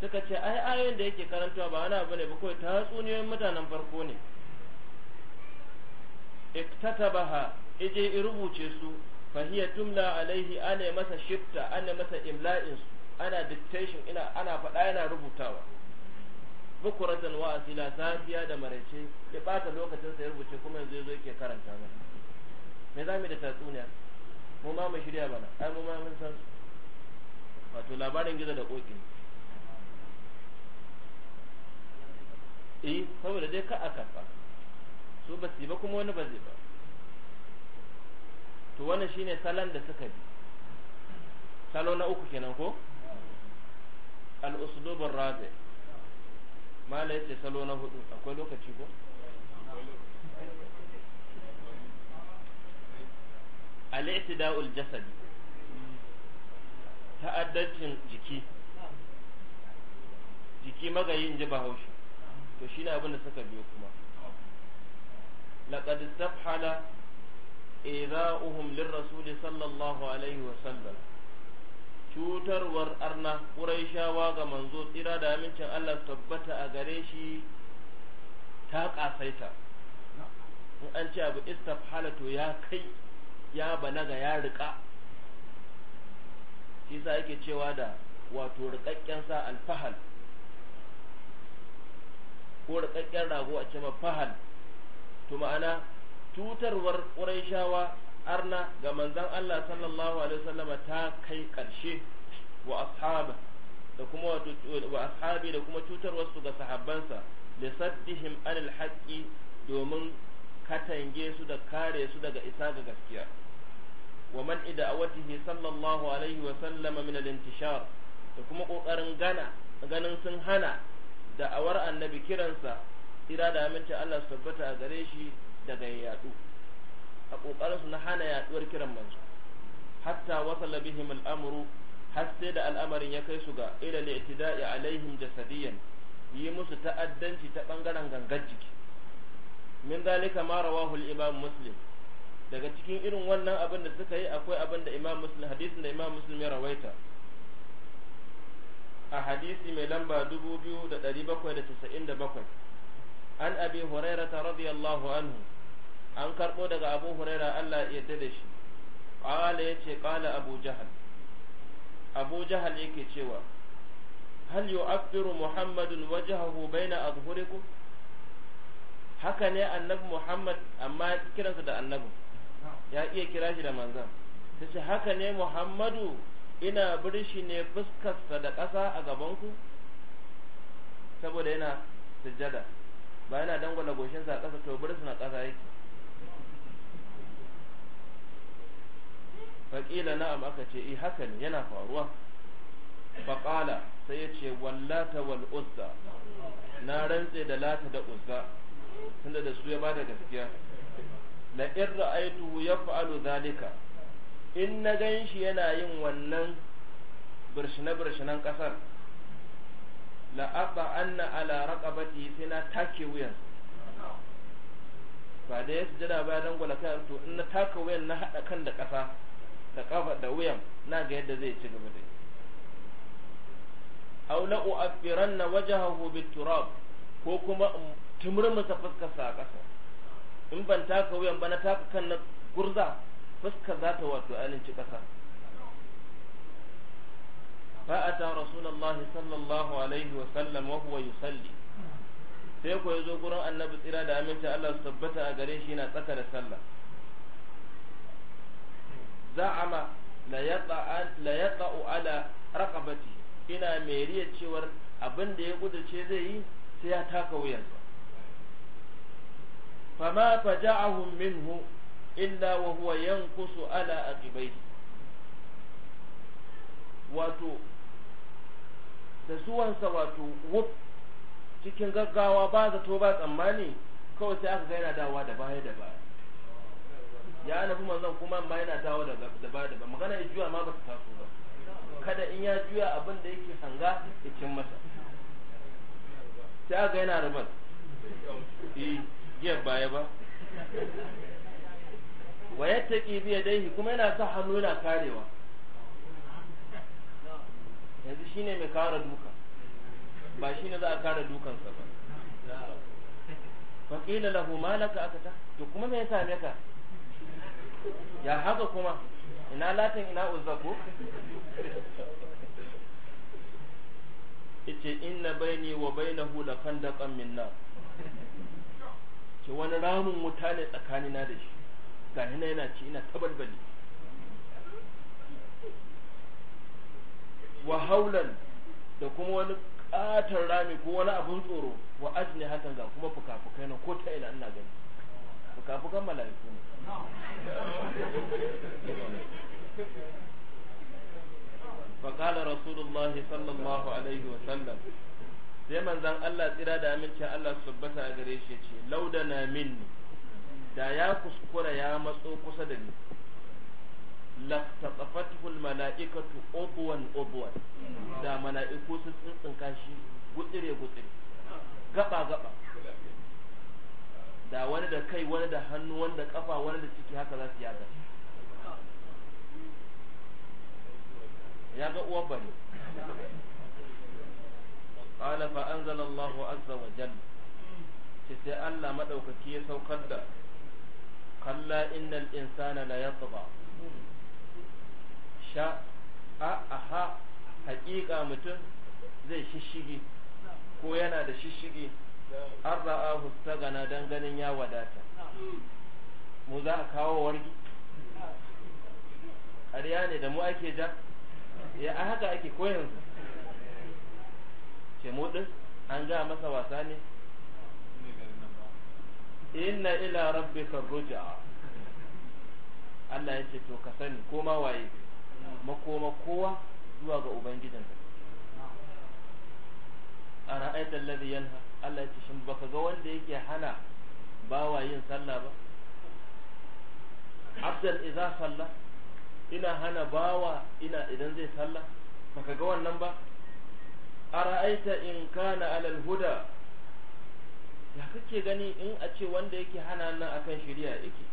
suka ce ai ayoyin da yake karantawa ba ana bane ba kawai tatsuniyoyin mutanen farko ne iktatabaha ije i rubuce su fahiya tumla alaihi ana masa shifta ana masa imla'in su ana dictation ina ana faɗa yana rubutawa bukuratan wa asila safiya da maraice ya bata lokacin sa ya rubuce kuma yanzu yazo yake karanta mana me zamu da tatsuniya mu ma mu shirya bana ai mu ma mun san wato labarin gizo da kokin eh saboda dai ka aka fa su ba ba kuma wani ba zai ba to wannan shine salon da suka bi salo na uku kenan ko al-uslubur rabi' mala yace salo na hudu akwai lokaci ko al-i'tida'ul jasad ta'addancin jiki jiki magayin ji haushi. to ne abin da suka biyo kuma laqad istafhala ira'uhum للرسول sallallahu alaihi wa sallam. cutarwar arna ƙuraishawa ga manzo tsira da amincin Allah tabbata a gare shi ta ƙasaita in an ce abu istafhala to ya kai ya banaga ya riƙa shi sa ake cewa da wato riƙaƙƙen sa alfahal ko riƙaƙƙen rago a ce ma fahal to ma'ana cutarwar ƙuraishawa arna ga manzon Allah sallallahu alaihi wasallam ta kai karshe wa ashabi da kuma wa ashabi da kuma cutar wasu ga sahabbansa li saddihim anil haqqi domin katange su da kare su daga isa ga gaskiya wa man ida'awatihi sallallahu alaihi wasallam min al-intishar da kuma kokarin gana ganin sun hana da da'awar annabi kiransa ira da aminci Allah su tabbata a gare shi daga yadu a ƙoƙarinsu na hana yaɗuwar kiran manzo hatta wasala bihim al'amru har sai da al'amarin ya kai su ga ila li'tida'i alaihim jasadiyan yi musu ta'addanci ta bangaren gangar jiki min zalika ma rawahu al-imam muslim daga cikin irin wannan abin da suka yi akwai abin da imam muslim hadisin da imam muslim ya rawaita a hadisi mai lamba 2797 an abi hurairata radiyallahu anhu an karbo daga abu huraira Allah ya yarda da shi qala yace qala abu jahal abu jahal yake cewa hal yu'affiru muhammadun wajhahu baina adhhurikum haka ne annabi muhammad amma kiransa da annabi ya iya kira shi da manzan tace haka ne muhammadu ina birshi ne fuskarsa da ƙasa a gabanku saboda yana sujjada ba yana dangwala goshinsa a ƙasa to birsu na ƙasa yake faƙila na'am aka ce eh haka ne yana faruwa faƙala sai ya ce wallata wal uzza na rantse da lata da uzza tunda da su ya bada da gaskiya la in ra'aituhu yaf'alu zalika in na gan shi yana yin wannan birshine-birshinan ƙasar la'aɓa anna ala raƙabati sai na take wuyan ba da ya jira ba don kai to in na taka wuyan na haɗa kan da ƙasa da kafa da wuyan na ga yadda zai ci gaba da aw la u'affiranna wajhahu bit-turab ko kuma tumurmusa fuskarsa sa ƙasa in ban taka wuyan ba na taka kan na gurza fuskar za ta wato alinci ƙasa فأتى رسول الله صلى الله عليه wa وهو يصلي sai ko yazo gurin annabi tsira da aminta Allah su tabbata a gare shi yana tsaka da sallah za'ama la yaqa'u ala raqabati ina mai riya cewar abin da ya kudace zai yi sai ya taka wuyansa fama faja'ahum minhu illa wa huwa yanqusu ala aqibaihi wato da zuwansa wato wuf cikin gaggawa ba zato ba tsammani kawai sai aka ga yana dawowa da baya da baya ya nufi manzon kuma ma yana dawo da daba da ba magana ya juya ma ba ta taso ba kada in ya juya abin da yake hanga ya cin masa Ta ga yana rubar giyar baya ba wa yattaqi bi dai kuma yana sa hannu yana karewa yanzu shine mai kare duka ba shine za a kare dukansa ba fa qila lahu malaka akata to kuma me yasa ne ka ya haka kuma ina latin ina uzaku ko inna baini wa bainahu la khandaqan minna nar ce wani ramin wuta ne tsakanina da shi ga hina yana ci ina tabalbali wa haulan da kuma wani katon rami ko wani abun tsoro wa ajni hakan ga kuma fuka-fukai na ko ta ina ina gani fukafukan mala'iku فقال رسول الله صلى الله عليه وسلم sai manzan Allah tsira da amincin Allah su tabbata a gare shi ce laudana na minni da ya kuskura ya matso kusa da ni laqtatafatuhul mala'ikatu udwan udwan da mala'iku sun tsinka shi gutsire gutsire gaba gaba da wani da kai wani da hannu wani da kafa wani da ciki haka za su yaga ya ga uwar bane qala fa anzala Allahu azza wa jalla ce sai Allah madaukaki ya saukar da kalla innal insana la yatba sha a aha haƙiƙa mutum zai shishigi ko yana da shishigi an ra'ahu tagana dan ganin ya wadata mu za a kawo wargi ƙarya ne da mu ake ja ya a haka ake koyan ce mu an ga masa wasa ne inna ila rabbika ruj'a Allah ya ce to ka sani koma waye makoma kowa zuwa ga ubangijinka ara'aita alladhi yanha Allah yace shin baka ga wanda yake hana bawa yin sallah ba abdan idza salla ina hana bawa ina idan zai sallah baka ga wannan ba ara'aita in kana alal huda ya kake gani in a ce wanda yake hana nan akan shari'a yake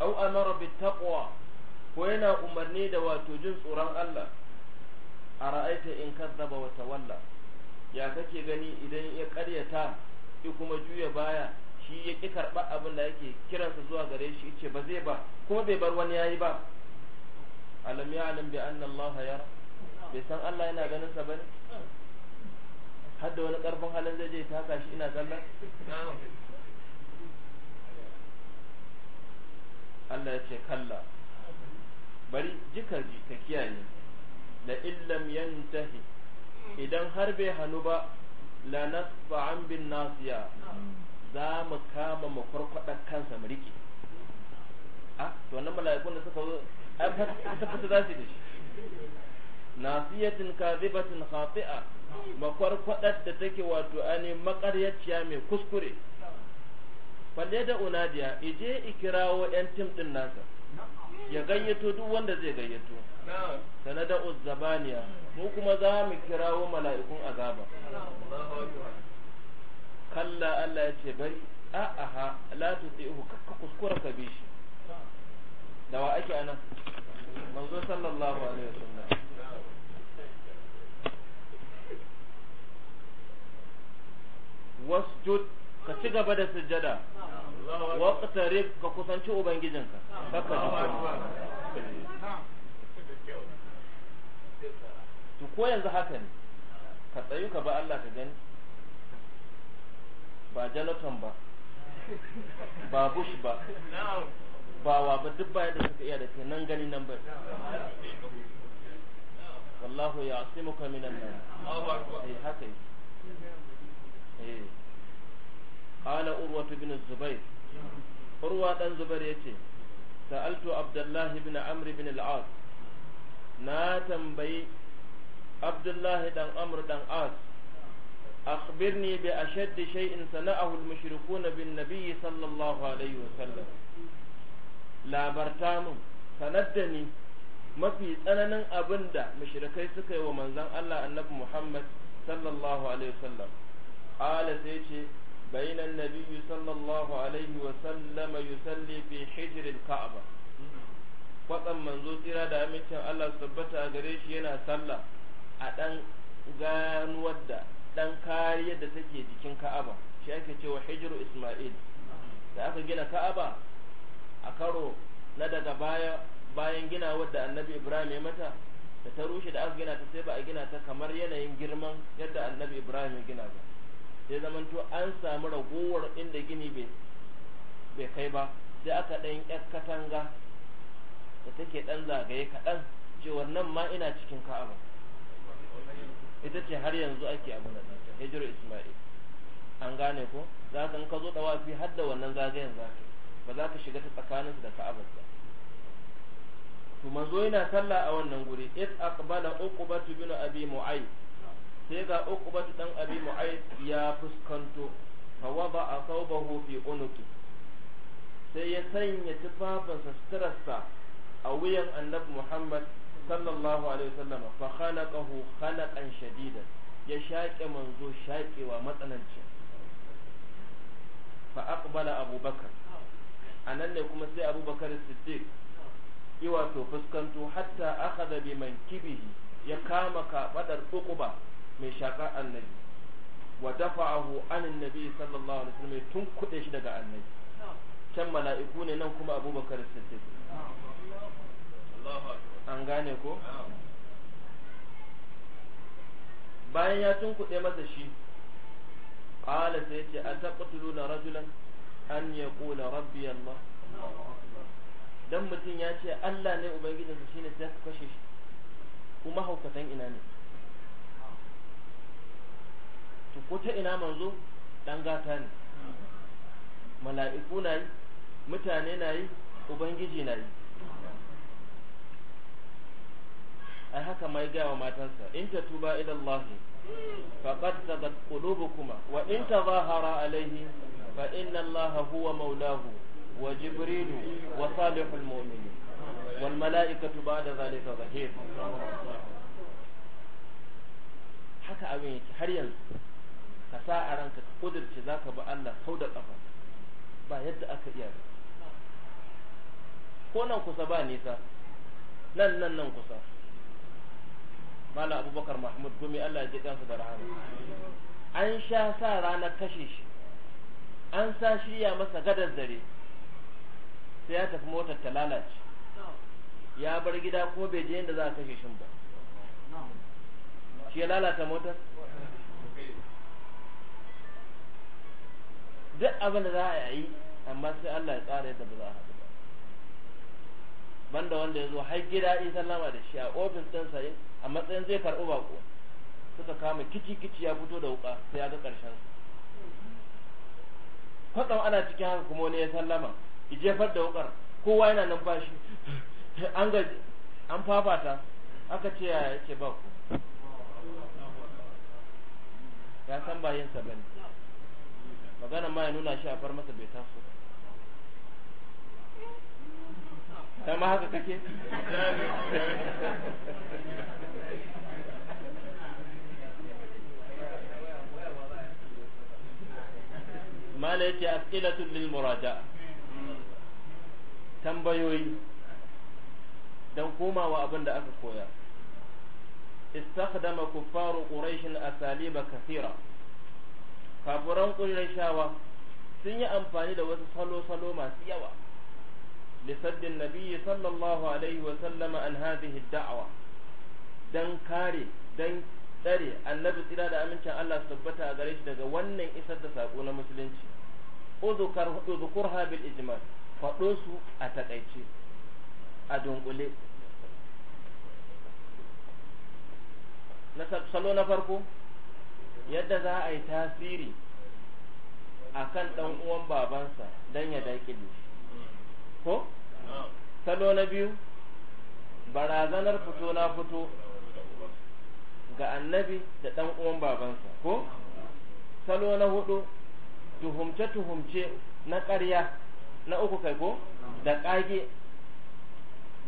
au amara bit taqwa ko yana umarni da wato jin tsoron Allah ara'aita in kazzaba wa tawalla ya kake gani idan ya karyata ikuma kuma juya baya shi ya ki karɓa abin da yake kiransa zuwa gare shi ce ba zai ba ko bai bar wani yayi ba alam ya alam bi anna Allah yara bai san Allah yana ganin sa bane har da wani karfin halin zai je taka shi ina sallah Allah ya ce kalla bari jikar ji ta kiyaye la illam yantahi idan har bai hannu ba la nasfa'an bin nasiya za mu kama mu farkwada kansa mu rike a to wannan mala'ikun da suka zo a tabbata da shi nasiyatin kadhibatin khati'a makwarkwadar da take wato ani makaryaciya mai kuskure falle da unadiya ije ikirawo yan tim din nasa ya gayyato duk wanda zai gayyato sanada uzzabaniya mu kuma za mu kirawo mala'ikun azaba kalla Allah ya ce bari a aha la tuti'uhu ka kuskura ka bi shi da wa ake anan manzo sallallahu alaihi wasallam wasjud ka ci gaba da sujjada waqtarib ka kusanci ubangijinka kakka to ko yanzu haka ne ka tsayu ka ba Allah ka gani ba Jonathan ba ba Bush ba ba wa ba duk baya da suka iya da ke nan gani nan bai wallahu ya asimuka minan nan sai eh, haka yi قال أروة بن الزبير urwa dan zubair yace sa'altu Abdullahi bin amr bin al-as na tambayi Abdullahi dan amr dan as أخبرني بأشد شيء صنعه المشركون بالنبي صلى الله عليه وسلم لا برتام فندني ما mafi tsananin da mushrikai suka yi wa manzon Allah annabi Muhammad sallallahu alaihi wasallam ala sai ce بين النبي صلى الله عليه وسلم يصلي في حجر الكعبة kwatsan manzo tsira da amincin Allah su tabbata a gare shi yana sallah a ɗan ganuwar da ɗan kariyar da take jikin Ka'aba shi ake cewa hijiru Ismail da aka gina Ka'aba a karo na daga baya bayan gina wadda annabi Ibrahim ya mata da ta rushe da aka gina ta sai ba a gina ta kamar yanayin girman yadda annabi Ibrahim ya gina ba sai to an samu ragowar inda gini bai kai ba sai aka ɗan yar katanga da take ɗan zagaye kaɗan cewar nan ma ina cikin ka'aba ita ce har yanzu ake abu na ɗanta hijira ismail an gane ko za ka ka zo ɗawafi har da wannan zagayen za ka ba za ka shiga ta tsakaninsu da ka'aba ba to manzo yana sallah a wannan guri is aqbala uqbatu bin abi mu'ayy sai ga ukubatu dan abi mu'ayyid ya fuskanto fa wada thawbahu fi unuki sai ya sanya tufafinsa suturarsa a wuyan annabi muhammad sallallahu alaihi wasallam fa khalaqahu khalaqan shadida ya shaƙe manzo shaƙewa matsananci fa aqbala abubakar anan ne kuma sai abubakar siddiq iwa to fuskanto hatta akhadha bi mankibihi ya kama kafadar ukuba. mai shaƙa annabi wa dafa'ahu anin nabi sallallahu alaihi wasallam tun kuɗe shi daga annabi can mala'iku ne nan kuma abubakar siddiq an gane ko bayan ya tun kuɗe masa shi qala sai ce an taqtuluna rajulan an yaqula rabbi allah dan mutum ya ce Allah ne ubangijinsa shine sai ka kashe shi kuma haukatan ina ne to ko ta ina manzo dan gata ne mala'iku na yi mutane na yi ubangiji na yi ai haka mai gaya wa matansa in ta tuba ila Allah faqad sabat qulubukuma wa in tazahara alayhi fa inna Allah huwa maulahu wa jibrilu wa salihul mu'minin wal mala'ikatu ba'da zalika zahir haka abin yake har yanzu ka sa a ranka ka kudurce za ka bi Allah kau da ƙafa ba yadda aka iya ba ko nan kusa ba nisa nan nan nan kusa mala abubakar mahmud gumi Allah ya ji kansa da rahama an sha sa ranar kashe shi an sa shirya masa gadar zare sai ya tafi motar ta lalace ya bar gida ko bai je inda za a kashe shin ba shi ya lalata motar duk abin da za a yi amma sai Allah ya tsara yadda ba za a haɗu ba banda wanda ya zo har gida in sallama da shi a ofis ɗinsa a matsayin zai karɓi bako suka kama kici kici ya fito da wuka sai ya ga ƙarshen su kwatsam ana cikin haka kuma wani ya sallama jefar da wukar kowa yana numfashi an gaji an fafata aka ce yake ba ku ya san ba yin sa bane magana ma ya nuna shi a far masa bai taso ta ma haka kake mala yace as'ilatun lil muraja. tambayoyi dan komawa abin da aka koya istakhdama kuffaru quraish asaliba kathira kafuran shawa sun yi amfani da wasu salo-salo masu yawa lisaddin nabiyyi sallallahu alaihi wa sallama an hadhihi da'wa dan kare dan tsare annabi tsira da amincin Allah su tabbata a gare shi daga wannan isar da sako na musulunci udhkar udhkurha bil ijmal faɗo su a takaice a dunkule na salo na farko yadda za a yi tasiri a kan ɗan uwan babansa don ya daƙile ko salo na biyu barazanar fito na fito ga annabi da ɗan uwan babansa ko salo na hudu tuhumce-tuhumce na ƙarya na uku kai ko da ƙage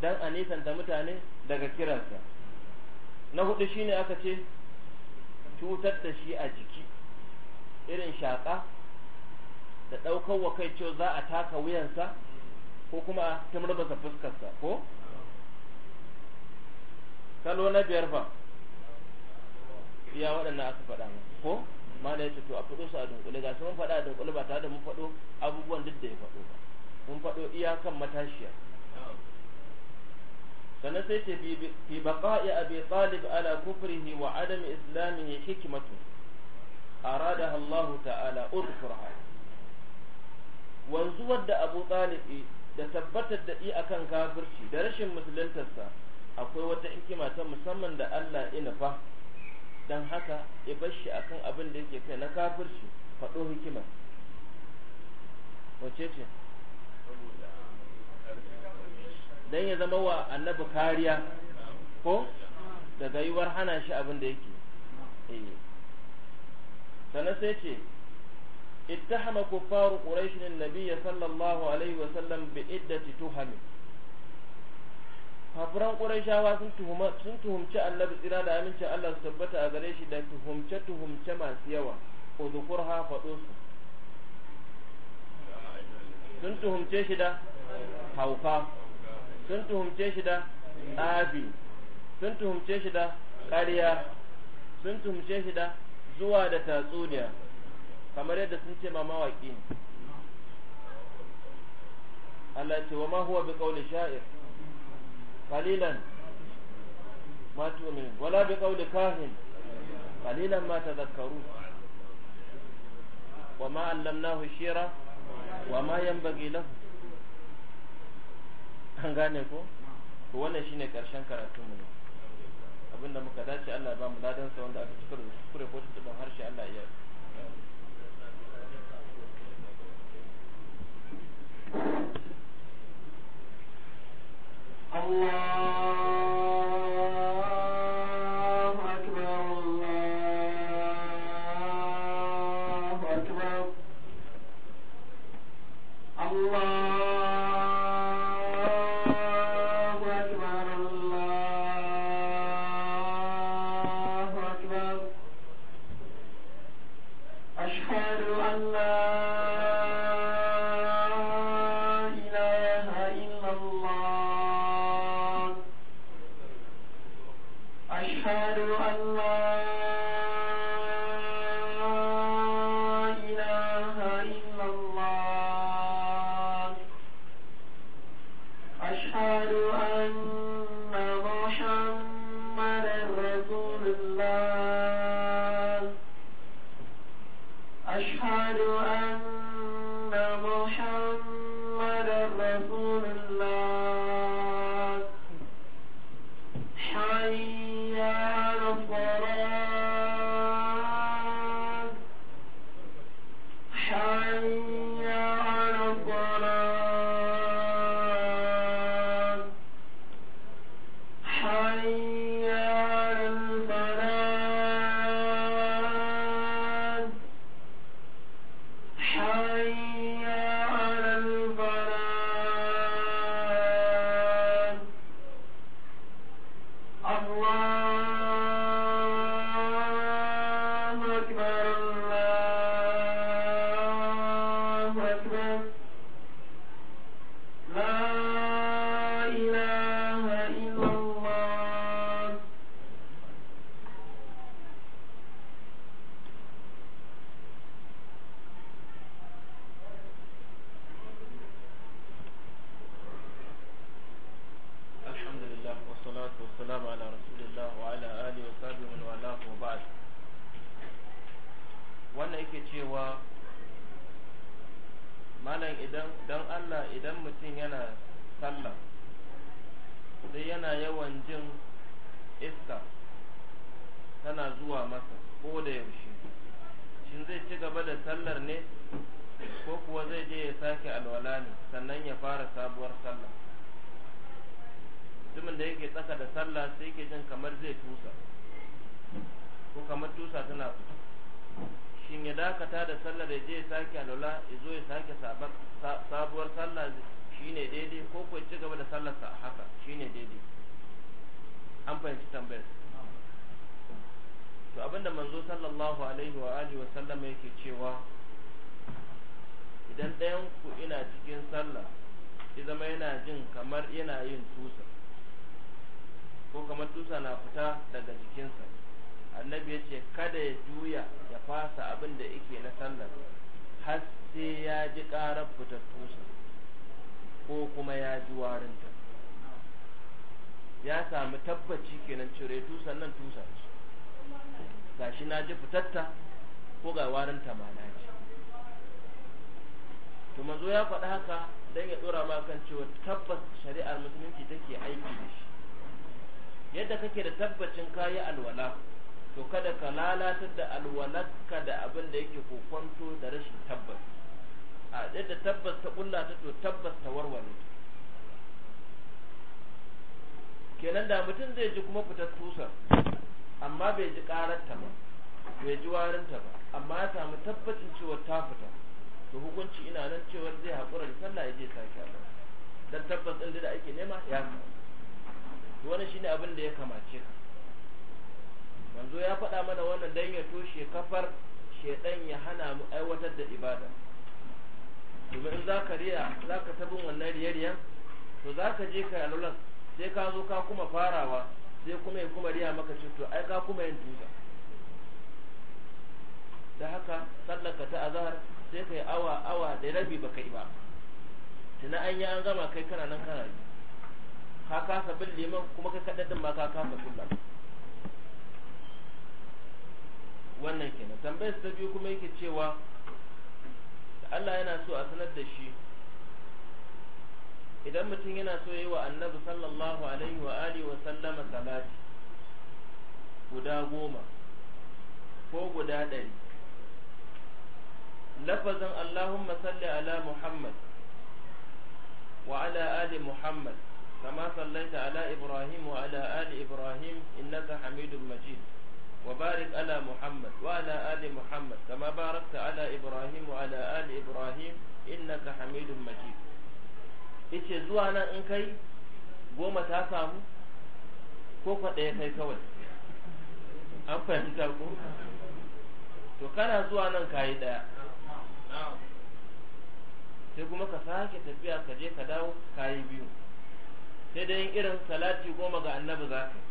don a nisanta mutane daga kiransa na hudu shine aka ce cutar da shi a jiki irin shaƙa da ɗaukar wa kai cewa za a taka wuyansa ko kuma a tumurbaza fuskarsa ko kalo na biyar ba iya waɗannan aka faɗa mu ko ma da yace to a faɗo su a dunkule ga su mun faɗa a dunkule ba tare da mun faɗo abubuwan duk da ya faɗo ba mun faɗo iyakan matashiya sannan sai ce fi baqa'i abi talib ala kufrihi wa adam islamihi hikmatu aradaha Allah ta'ala udkurha wanzu da abu talib da tabbatar da i akan kafirci da rashin musuluntarsa akwai wata hikima ta musamman da Allah ina fa dan haka ya bar shi akan abin da yake kai na kafirci faɗo hikima wace ce dan ya zama wa annabi kariya ko daga yiwuwar hana shi abin da yake eh. sannan sai ce quraish كفار قريش sallallahu alaihi wa sallam bi iddati tuhami kafiran ƙurashawa sun tuhumci annabi tsira da amince Allah su tabbata a gare shi da tuhumce-tuhumce masu yawa uzukur ha faɗo su sun tuhumce shi da hauka sun tuhumce shi da abi sun tuhumce shi da ƙarya sun tuhumce shi da zuwa da tatsuniya kamar yadda sun ce ma mawaƙi Allah ce wa ma huwa bi qawli sha'ir qalilan ma tu'min wala bi qawli kahin qalilan ma tadhakkaru wa ma allamnahu shira wa ma yanbaghi lahu an gane ko to wannan shine karshen karatun mu ne abinda muka dace Allah ba mu ladan sa wanda aka cikar da kure ko tuntuban harshe Allah ya Allah الله shirka tana fita shin ya dakata da sallar da je ya sake alwala ya zo ya sake sabuwar sallah shine daidai ko ko ci gaba da sallarsa haka shine daidai an fahimci tambayar to abinda manzo sallallahu alaihi wa alihi wa sallam yake cewa idan ɗayan ku ina cikin sallah ya zama yana jin kamar yana yin tusa ko kamar tusa na fita daga jikinsa annabi ya ce kada ya juya ya fasa abin da yake na sallar har sai ya ji ƙarar fitar tusa ko kuma ya ji warinta ya sami tabbaci kenan cire tusan nan tusa ce gashi na ji fitatta ko ga warinta ma na ji to mazo ya faɗi haka don ya ɗora ma kan cewa tabbas shari'ar musulunci take aiki da shi yadda kake da tabbacin kayi alwala to kada ka lalatar da alwalarka da abin da yake kokonto da rashin tabbas a yadda tabbas ta kullata ta to tabbas ta warware kenan da mutum zai ji kuma fitar tusar amma bai ji ƙararta ba bai ji warinta ba amma ya samu tabbacin cewa ta fita to hukunci ina nan cewar zai haƙura da sallah ya je sake Allah dan tabbas ɗin da ake nema ya samu to wannan shine abin da ya kamace ka yanzu ya faɗa mana wannan dan ya toshe kafar shedan ya hana mu aiwatar da ibada domin in zaka riya zaka tabin wannan riyariyan to zaka je kai alulan sai ka zo ka kuma farawa sai kuma ya kuma riya maka ce to ai ka kuma yin tuka. da haka sallaka ta azhar sai kai awa awa da rabi baka yi ba tuna an yi an gama kai kana nan kana ka kasa bin liman kuma kai kadadin ma ka kasa kullum wannan kenan tambayar ta biyu kuma yake cewa Allah yana so a sanar da shi idan mutum yana so yi wa annabi sallallahu alaihi wa alihi wa sallama salati guda goma ko guda ɗari lafazin Allahumma salli ala Muhammad wa ala ali Muhammad kama sallaita ala Ibrahim wa ala ali Ibrahim innaka hamidun majid وبارك على محمد وعلى آل محمد كما باركت على إبراهيم وعلى آل إبراهيم إنك حميد مجيد yace zuwa nan in kai goma ta samu ko kwa kai kawai an fahimta ko to kana zuwa nan kayi ɗaya sai kuma ka sake tafiya ka je ka dawo kayi biyu sai dai irin salati goma ga annabi za ka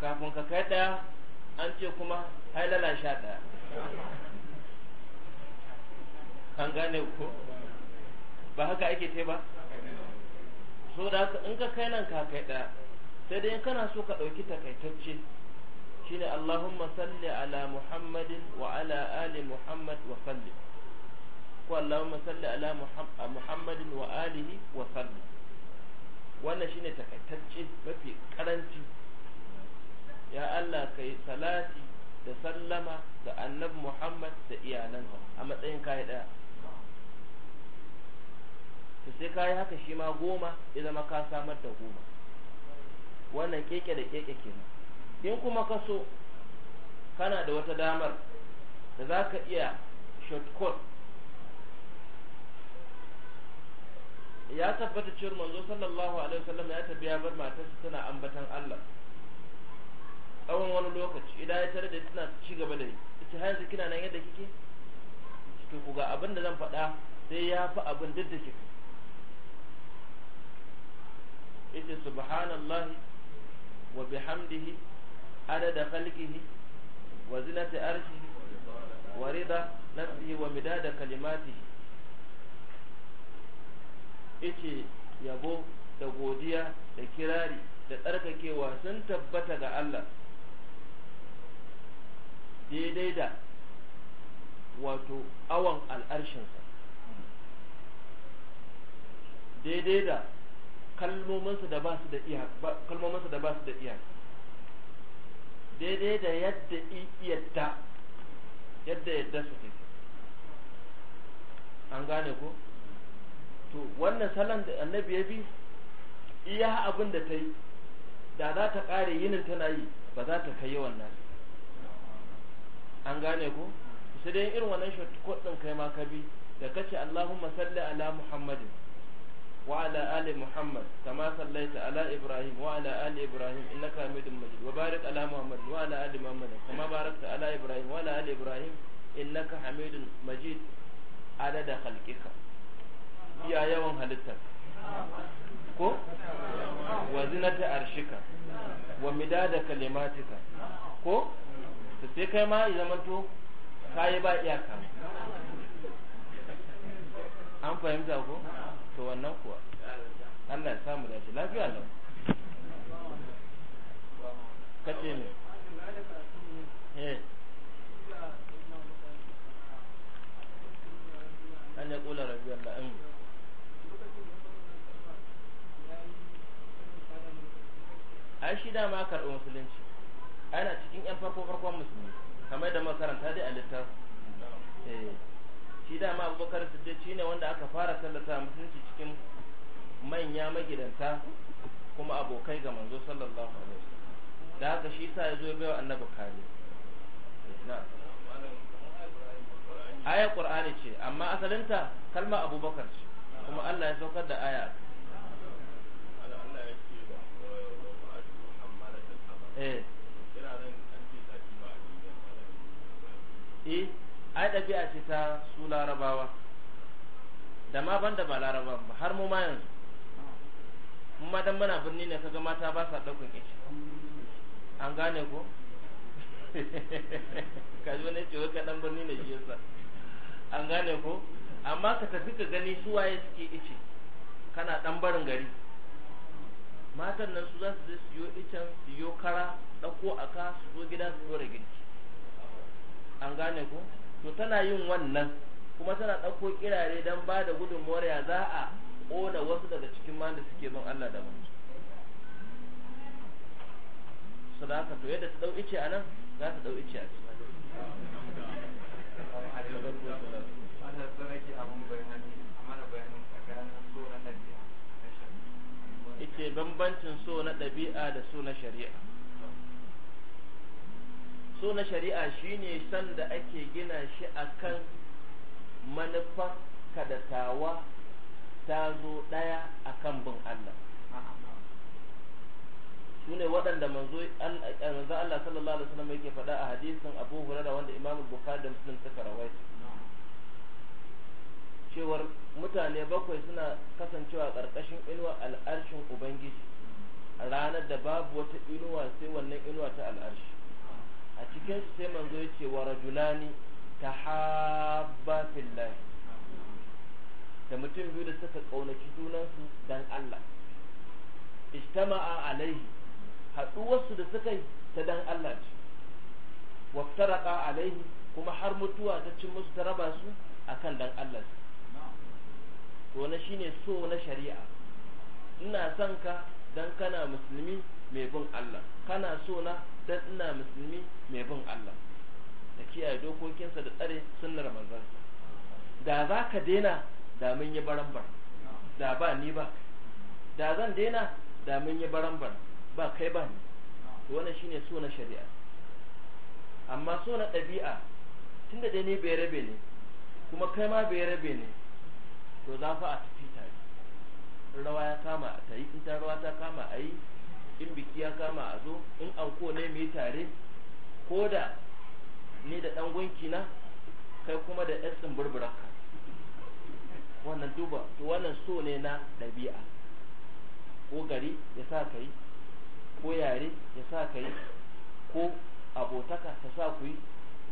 kafin ka kai ɗaya an ce kuma hailala sha ɗaya kan gane ko ba haka ake ce ba so da haka in ka kai nan ka kai ɗaya sai dai kana so ka ɗauki takaitacce shine Allahumma salli ala Muhammadin wa ala ali Muhammad wa salli ko Allahumma salli ala Muhammadin wa alihi wa salli wannan shine takaitacce mafi karanci ya Allah ka salati da sallama ga annabi Muhammad da iyalansa a matsayin kayi ɗaya to sai kayi haka shi ma goma ya zama ka samar da goma wannan keke da keke kenan in kuma ka so kana da wata damar da za ka iya shortcut ya tabbata cewar manzo sallallahu alaihi wasallam ya tabbiya ya bar matarsa tana ambatan Allah tsawon wani lokaci idan ya tare da suna ci gaba da yi ita har yanzu kina nan yadda kike to ku ga abin da zan faɗa sai ya fi abin duk da kike ita subhanallah wa bihamdihi adada khalqihi wa zinati arshihi wa rida nafsihi wa midada kalimatihi ice yabo da godiya da kirari da tsarkakewa sun tabbata ga Allah daidai da wato awon al'arshinsa daidai da kalmominsa da ba su da iya da ba su da iya daidai da yadda yadda yadda yadda su take an gane ko to wannan salon da annabi ya bi iya abin da ta yi da za ta ƙare yinin tana yi ba za ta kai yawan nasu an gane ku sai dai irin wannan ko din kai ma ka bi da kace Allahumma salli ala Muhammad wa ala ali Muhammad kama sallaita ala Ibrahim wa ala ali Ibrahim innaka Hamidum Majid wa barik ala Muhammad wa ala ali Muhammad kama barakta ala Ibrahim wa ala ali Ibrahim innaka Hamidum Majid adada khalqika iya yawan halitta ko wa zinata arshika wa midada kalimatika ko to sai kai ma ya zama to kayi ba iyaka an fahimta ko to wannan kuwa Allah ya samu da shi lafiya lau kace ne eh an ya kula rabbi Allah in ai shi dama karɓi musulunci ana cikin yan farko farkon musulmi kamar da makaranta dai a littafi eh, shi dama abubakar siddiq shi ne wanda aka fara sallata musulunci cikin manya magidanta kuma abokai ga manzo sallallahu alaihi wasallam da haka shi sa ya zo bai annabi kare eh, aya qur'ani ce amma asalinta kalma abubakar ce kuma Allah ya saukar da aya eh eh ai ɗabi'a ce ta su larabawa da ma banda ba laraba ba har mu ma yanzu mu ma dan muna birni ne kaga mata ba sa ɗaukan ishi an gane ko ka ji wani cewa ka dan birni ne shi yasa an gane ko amma ka tafi ka gani su waye suke ice kana dan barin gari matan nan su za su je su yo icen su yo kara ɗauko a ka su zo gida su ɗora girki an gane ku. to tana yin wannan kuma tana ɗauko kirare don ba da gudunmuwar ya za a ƙona wasu daga cikin ma da suke bin Allah da mutu su to yadda ta ɗau ice a nan za ta ɗau ice a ciki ice bambancin so na ɗabi'a da so na shari'a so na shari'a shine sanda ake gina shi akan manufar kadatawa ta zo ɗaya akan bin Allah su ne waɗanda manzo Allah sallallahu alaihi wasallam yake faɗa a hadisin Abu Hurairah wanda Imam Bukhari da Muslim suka rawaita cewar mutane bakwai suna kasancewa ƙarƙashin inuwa al'arshin Ubangiji ranar da babu wata inuwa sai wannan inuwa ta al'arshi a cikin sai manzo ya ce wa rajulani tahabba fillah da mutum biyu da suka kaunaci junansu dan Allah ijtama'a alaihi haɗuwarsu da suka yi ta dan Allah ce waftaraka alaihi kuma har mutuwa ta cin musu ta raba su akan dan Allah to na shine so na shari'a ina son ka dan kana musulmi mai bin Allah kana so na dan ina musulmi mai bin Allah da kiyaye dokokinsa da tsare sunnar manzansa da za ka daina da mun yi barambar da ba ni ba da zan daina da mun yi barambar ba kai ba ni wannan shine so na shari'a amma so na ɗabi'a tunda dai ni bai rabe ne kuma kai ma bai rabe ne to za fa a tafi tare rawa ya kama ta yi in ta rawa ta kama a yi in biki ya kama a zo in anko ne mu tare ko da ni da ɗan gunki na kai kuma da ɗan burburaka wannan duba to wannan so ne na ɗabi'a ko gari ya sa ka yi ko yare ya sa ka yi ko abotaka ta sa ku yi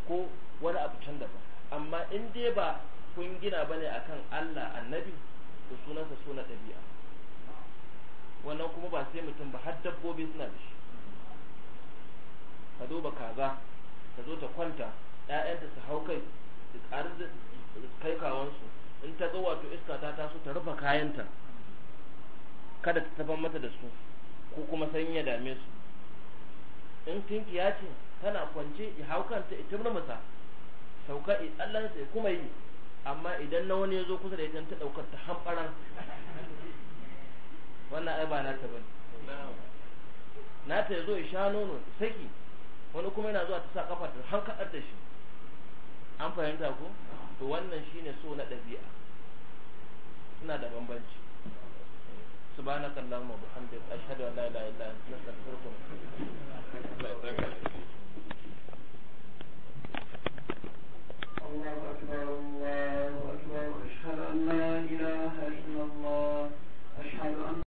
ko wani abu can daban amma in dai ba kun gina ba ne akan Allah annabi da sunansa so na ɗabi'a wannan kuma ba sai mutum ba har dabbobi suna da shi ka duba kaza ta zo ta kwanta ‘ya'yanta su hau kai su ƙari da kai kawansu in ta zo wato iska ta taso ta rufe kayanta kada ta taban mata da su ko kuma sanyi ya dame su in tinkiya ce tana kwance ya hau kanta ya masa sauka ya tsallansa ya kuma yi amma idan na wani ya zo kusa da ita ta ɗaukar ta hamɓarar wannan ai ba na ta bane na ya zo ya sha nono saki wani kuma yana zuwa ta sa kafa ta hankadar da shi an fahimta ko to wannan shine so na ɗabi'a suna da bambanci سبحانك اللهم وبحمدك أشهد أن لا إله إلا أنت نستغفرك الله أكبر الله أكبر أشهد أن لا إله إلا الله أشهد أن